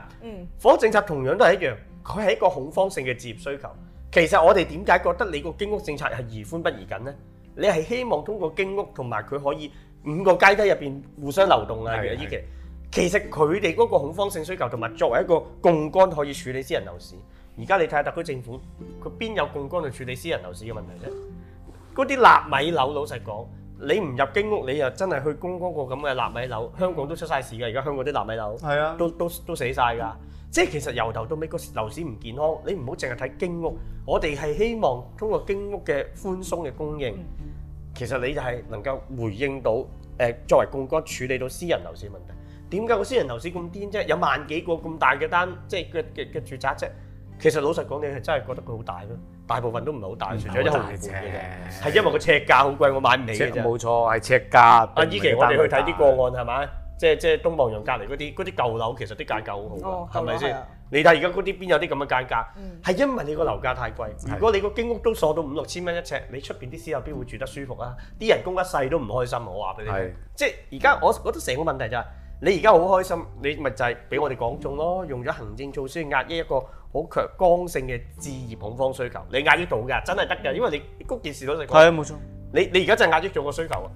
房屋政策同樣都係一樣。佢係一個恐慌性嘅置業需求。其實我哋點解覺得你個經屋政策係宜寬不宜緊呢？你係希望通過經屋同埋佢可以五個階梯入邊互相流動啊？是的 其實依期，其實佢哋嗰個恐慌性需求同埋作為一個槓桿可以處理私人樓市。而家你睇下特區政府，佢邊有槓桿去處理私人樓市嘅問題啫？嗰啲納米樓老實講，你唔入經屋，你又真係去供嗰個咁嘅納米樓。香港都出晒事㗎，而家香港啲納米樓，係啊是的，都都都死晒㗎。即係其實由頭到尾個樓市唔健康，你唔好淨係睇經屋。我哋係希望通過經屋嘅寬鬆嘅供應，其實你就係能夠回應到誒作為槓桿處理到私人樓市問題。點解個私人樓市咁癲啫？有萬幾個咁大嘅單，即係嘅嘅住宅啫。其實老實講，你係真係覺得佢好大咯。大部分都唔係好大，大除咗一毫釐半嘅啫，係的因為個尺價好貴，我買唔起。冇錯，係尺價。阿、啊、依琪，我哋去睇啲個案係咪？即係即係東望洋隔離嗰啲啲舊樓，其實啲間隔好好㗎，係咪先？你睇而家嗰啲邊有啲咁嘅間隔？係因為你個樓價太貴。如果你個經屋都鎖到五六千蚊一尺，你出邊啲私樓邊會住得舒服啊？啲人供一世都唔開心。我話俾你聽，即係而家我覺得成個問題就係你而家好開心，你咪就係俾我哋講中咯。用咗行政措施壓抑一個好強剛性嘅置業恐慌需求，你壓抑到㗎，真係得㗎，因為你嗰件事都成。係啊，冇錯。你你而家就係壓抑咗個需求啊！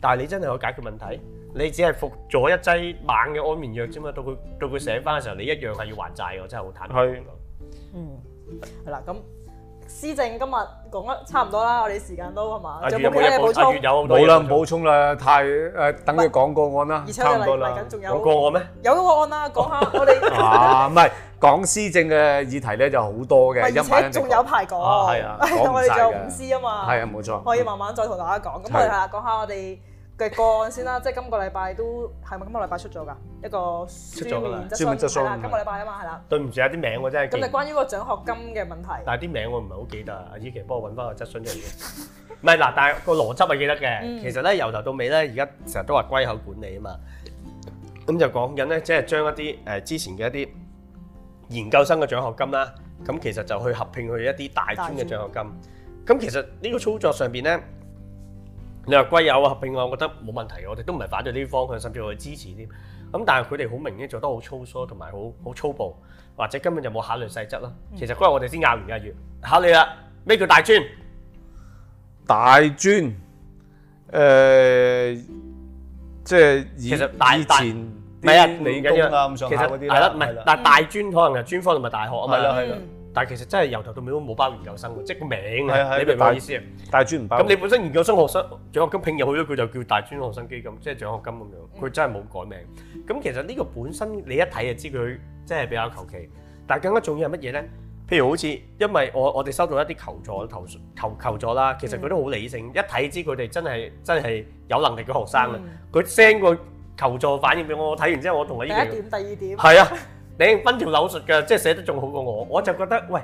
但係你真係可以解決問題。你只係服咗一劑猛嘅安眠藥啫嘛，到佢到佢醒翻嘅時候，你一樣係要還債嘅，真係好慘。係。嗯，係啦，咁施政今日講得差唔多啦，我哋時間都係嘛，有冇咩補充？冇啦，唔補充啦，太誒，等佢講個案啦。而且我哋嚟緊，仲有個案咩？有個案啦，講下我哋。啊，唔係講施政嘅議題咧就好多嘅，而且仲有排講。係啊。講曬嘅。我哋仲有五師啊嘛。係啊，冇錯。可以慢慢再同大家講。咁我哋係啦，講下我哋嘅個案先啦，即係今個禮拜都係咪今個禮拜出咗噶一個書面質詢信啦？今個禮拜啊嘛，係啦。對唔住，有啲名我真係。咁就關於個獎學金嘅問題。但係啲名我唔係好記得，阿依琪幫我揾翻個質詢一樣嘢。唔係嗱，但係個邏輯係記得嘅。嗯、其實咧，由頭到尾咧，而家成日都話歸口管理啊嘛。咁就講緊咧，即係將一啲誒、呃、之前嘅一啲研究生嘅獎學金啦，咁其實就去合併去一啲大專嘅獎學金。咁尊其實呢個操作上邊咧？你話貴友啊合併我覺得冇問題嘅，我哋都唔係反對呢啲方向，甚至我哋支持啲咁，但係佢哋好明顯做得好粗疏，同埋好好粗暴，或者根本就冇考慮細則咯。其實嗰日我哋先拗完嘅月，考你啦，咩叫大專？大專，誒、呃，即係以前啊，唔係啊，你緊張實啊？其實嗰啲係啦，唔係，但係大專可能係專科同埋大學啊，係啦、啊，係啦、啊。但係其實真係由頭到尾都冇包研究生嘅，即係個名啊，的你明唔明意思啊？大專唔包。咁你本身研究生學生獎學金聘入去咗，佢就叫大專學生基金，即係獎學金咁樣。佢真係冇改名。咁、嗯、其實呢個本身你一睇就知佢真係比較求其。但係更加重要係乜嘢咧？譬如好似因為我我哋收到一啲求助、投、求求助啦，其實佢都好理性，一睇知佢哋真係真係有能力嘅學生啊。佢、嗯、send 過求助反應俾我，我睇完之後我同佢。第一點，第二點。係啊。 你分條柳樹嘅，即係寫得仲好過我，我就覺得喂，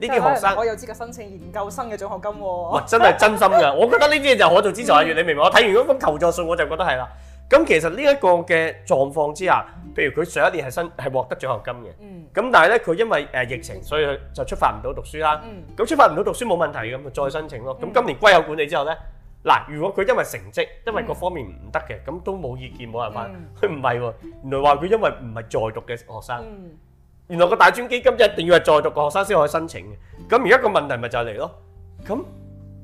呢啲學生，我有資格申請研究生嘅獎學金喎。唔係真係真心嘅，我覺得呢啲嘢就我做資助生，你明唔明？我睇完嗰封求助信，我就覺得係啦。咁其實呢一個嘅狀況之下，譬如佢上一年係申係獲得獎學金嘅，咁但係咧佢因為誒疫情，所以佢就出發唔到讀書啦。咁出發唔到讀書冇問題嘅，咁就再申請咯。咁今年歸有管理之後咧。嗱，如果佢因為成績因為各方面唔得嘅，咁都冇意見冇辦法。佢唔係喎，原來話佢因為唔係在讀嘅學生。原來個大專基金就一定要係在讀嘅學生先可以申請嘅。咁而家個問題咪就係嚟咯。咁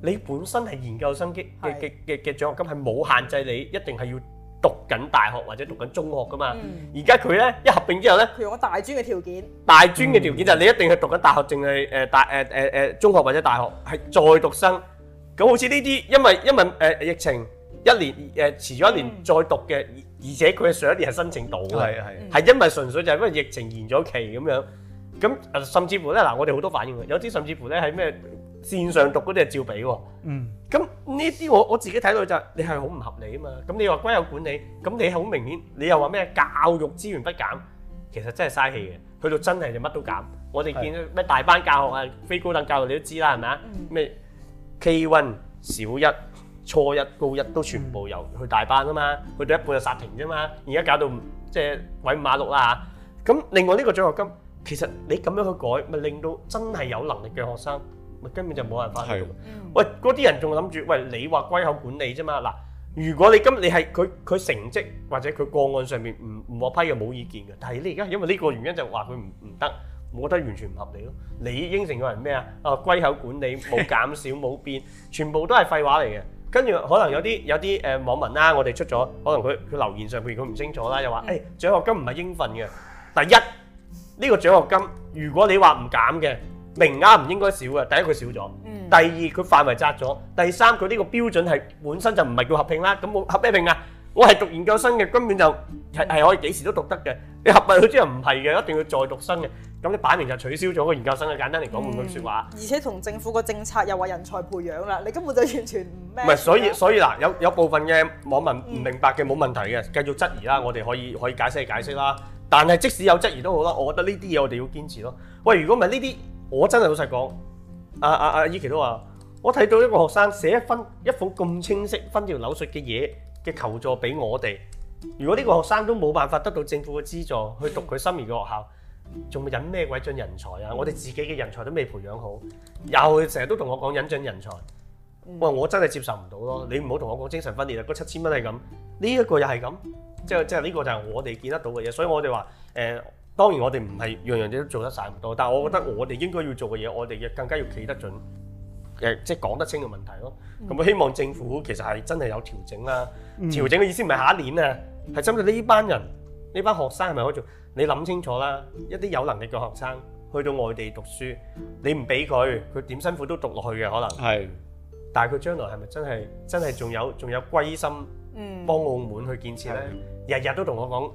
你本身係研究生基嘅嘅嘅獎學金係冇限制你一定係要讀緊大學或者讀緊中學㗎嘛？而家佢咧一合併之後咧，佢用大專嘅條件。大專嘅條件就係你一定係讀緊大學，淨係誒大誒誒誒中學或者大學係在讀生。咁好似呢啲，因為因為誒、呃、疫情，一年誒、呃、遲咗一年再讀嘅，嗯、而且佢上一年係申請到嘅，係、嗯、因為純粹就係因為疫情延咗期咁樣。咁、呃、甚至乎咧，嗱我哋好多反應有啲甚至乎咧喺咩線上讀嗰啲係照畀喎。嗯。咁呢啲我我自己睇到就係、你係好唔合理啊嘛。咁你話歸有管理，咁你好明顯，你又話咩教育資源不減，其實真係嘥氣嘅。去到真係就乜都減。我哋見到咩大班教學啊，非高等教育你都知啦，係咪啊？咩、嗯？K1 小一、初一、高一都全部由去大班啊嘛，去到一半就煞停啫嘛，而家搞到即係鬼五馬六啦嚇。咁另外呢個獎學金，其實你咁樣去改，咪令到真係有能力嘅學生咪根本就冇辦法去。喂，嗰啲人仲諗住，喂你話歸口管理啫嘛。嗱，如果你今日你係佢佢成績或者佢個案上面唔唔獲批嘅冇意見嘅，但係你而家因為呢個原因就話佢唔唔得。我覺得完全唔合理咯。你應承佢係咩啊？啊，歸口管理冇減少冇變，全部都係廢話嚟嘅。跟住可能有啲有啲誒網民啦，我哋出咗可能佢佢留言上面佢唔清楚啦，又話誒獎學金唔係應份嘅。第一呢個獎學金如果你話唔減嘅名額唔應該少嘅，第一佢少咗。嗯。第二佢範圍窄咗。第三佢呢個標準係本身就唔係叫合聘啦。咁我合咩聘啊？我係讀研究生嘅，根本就係係可以幾時都讀得嘅。你合埋佢之後唔係嘅，一定要再讀生嘅。咁你擺明就取消咗個研究生嘅。簡單嚟講，換句說話。而且同政府個政策又話人才培養啦，你根本就完全唔。唔係，所以所以嗱，有有部分嘅網民唔明白嘅冇問題嘅，繼續質疑啦，我哋可以可以解釋解釋啦。但係即使有質疑都好啦，我覺得呢啲嘢我哋要堅持咯。喂，如果唔係呢啲，我真係老實講、啊啊啊，阿阿阿依琪都話，我睇到一個學生寫一份一份咁清晰、分條流水嘅嘢嘅求助俾我哋。如果呢個學生都冇辦法得到政府嘅資助去讀佢心儀嘅學校，仲會引咩鬼進人才啊？我哋自己嘅人才都未培養好，又成日都同我講引進人才，哇！我真係接受唔到咯。你唔好同我講精神分裂啦，嗰七千蚊係咁，呢一個又係咁，即係即係呢個就係我哋見得到嘅嘢，所以我哋話誒，當然我哋唔係樣樣嘢都做得晒唔到，但係我覺得我哋應該要做嘅嘢，我哋亦更加要企得準，誒，即係講得清嘅問題咯。咁我、嗯、希望政府其實係真係有調整啦、啊，嗯、調整嘅意思唔係下一年啊，係針對呢班人，呢班學生係咪可以做？你諗清楚啦，一啲有能力嘅學生去到外地讀書，你唔俾佢，佢點辛苦都讀落去嘅可能。係。但係佢將來係咪真係真係仲有仲有歸心幫澳門去建設咧？日日、嗯、都同我講。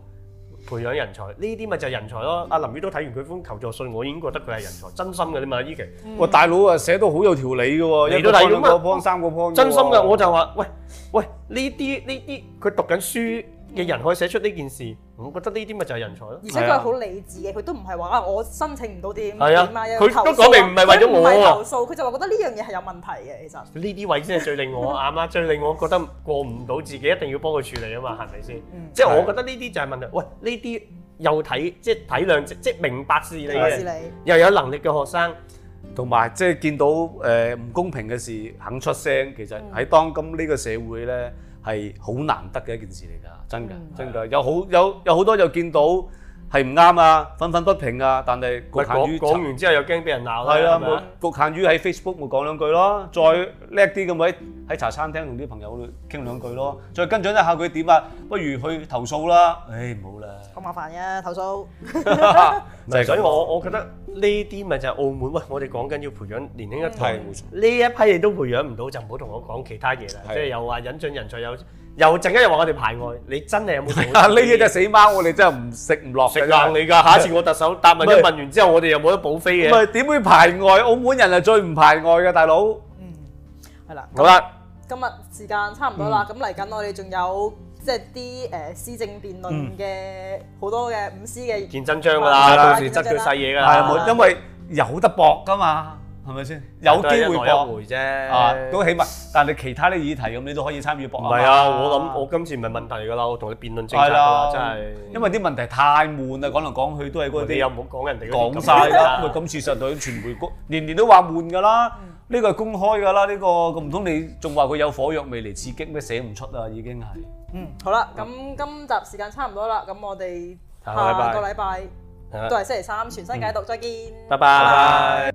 培養人才，呢啲咪就係人才咯。阿林宇都睇完佢封求助信，我已經覺得佢係人才，真心嘅你嘛，依期。哇、嗯哦，大佬啊，寫到好有條理嘅喎，你一個兩個方三個方，真心嘅我就話，喂喂，呢啲呢啲，佢讀緊書。嘅人可以寫出呢件事，我覺得呢啲咪就係人才咯。而且佢係好理智嘅，佢都唔係話我申請唔到啲點啊，佢都講明唔係為咗我啊。投訴佢就話覺得呢樣嘢係有問題嘅，其實。呢啲位先係最令我啱啦，最令我覺得過唔到自己，一定要幫佢處理啊嘛，係咪先？即係我覺得呢啲就係問題。喂，呢啲又體即係體諒，即係明白事理，又有能力嘅學生，同埋即係見到誒唔公平嘅事肯出聲。其實喺當今呢個社會咧。係好難得嘅一件事嚟㗎，真㗎，真㗎，有好有有好多又見到。係唔啱啊！忿忿不平啊！但係侷限於，講完之後又驚俾人鬧啦。係啊，侷吧限於喺 Facebook 冇講兩句咯。再叻啲咁咪喺茶餐廳同啲朋友傾兩句咯。再跟進一下佢點啊？不如去投訴啦。誒，唔好啦。好麻煩嘅投訴。唔 係， 所以我我覺得呢啲咪就係澳門喂，我哋講緊要培養年輕一代，呢、嗯、一批嘢都培養唔到就唔好同我講其他嘢啦。是的即係又話引進人才又，又陣間又話我哋排外，你真係有冇道理？呢一隻死貓，我哋真係唔食唔落食硬你㗎。下一次我特首答問，一問完之後，我哋又冇得補飛嘅。唔係點會排外？澳門人係最唔排外嘅，大佬。嗯，係啦，好啦，今日時間差唔多啦，咁嚟緊我哋仲有即係啲誒施政辯論嘅好多嘅五司嘅見真章㗎啦，到時執佢細嘢㗎啦，因為有得搏㗎嘛。係咪先？有機會搏一回啫。啊，都起碼，但係其他啲議題咁，你都可以參與搏下。唔係啊，我諗我今次唔係問題噶啦，我同你辯論正義㗎啦，真係。因為啲問題太悶啦，講嚟講去都係嗰啲。你又唔好講人哋嗰啲咁衰啦。喂，咁事實上傳媒局年年都話悶㗎啦，呢個係公開㗎啦，呢個唔通你仲話佢有火藥味嚟刺激咩？寫唔出啊，已經係。嗯，好啦，咁今集時間差唔多啦，咁我哋下個禮拜都係星期三傳新解毒，再見。拜拜。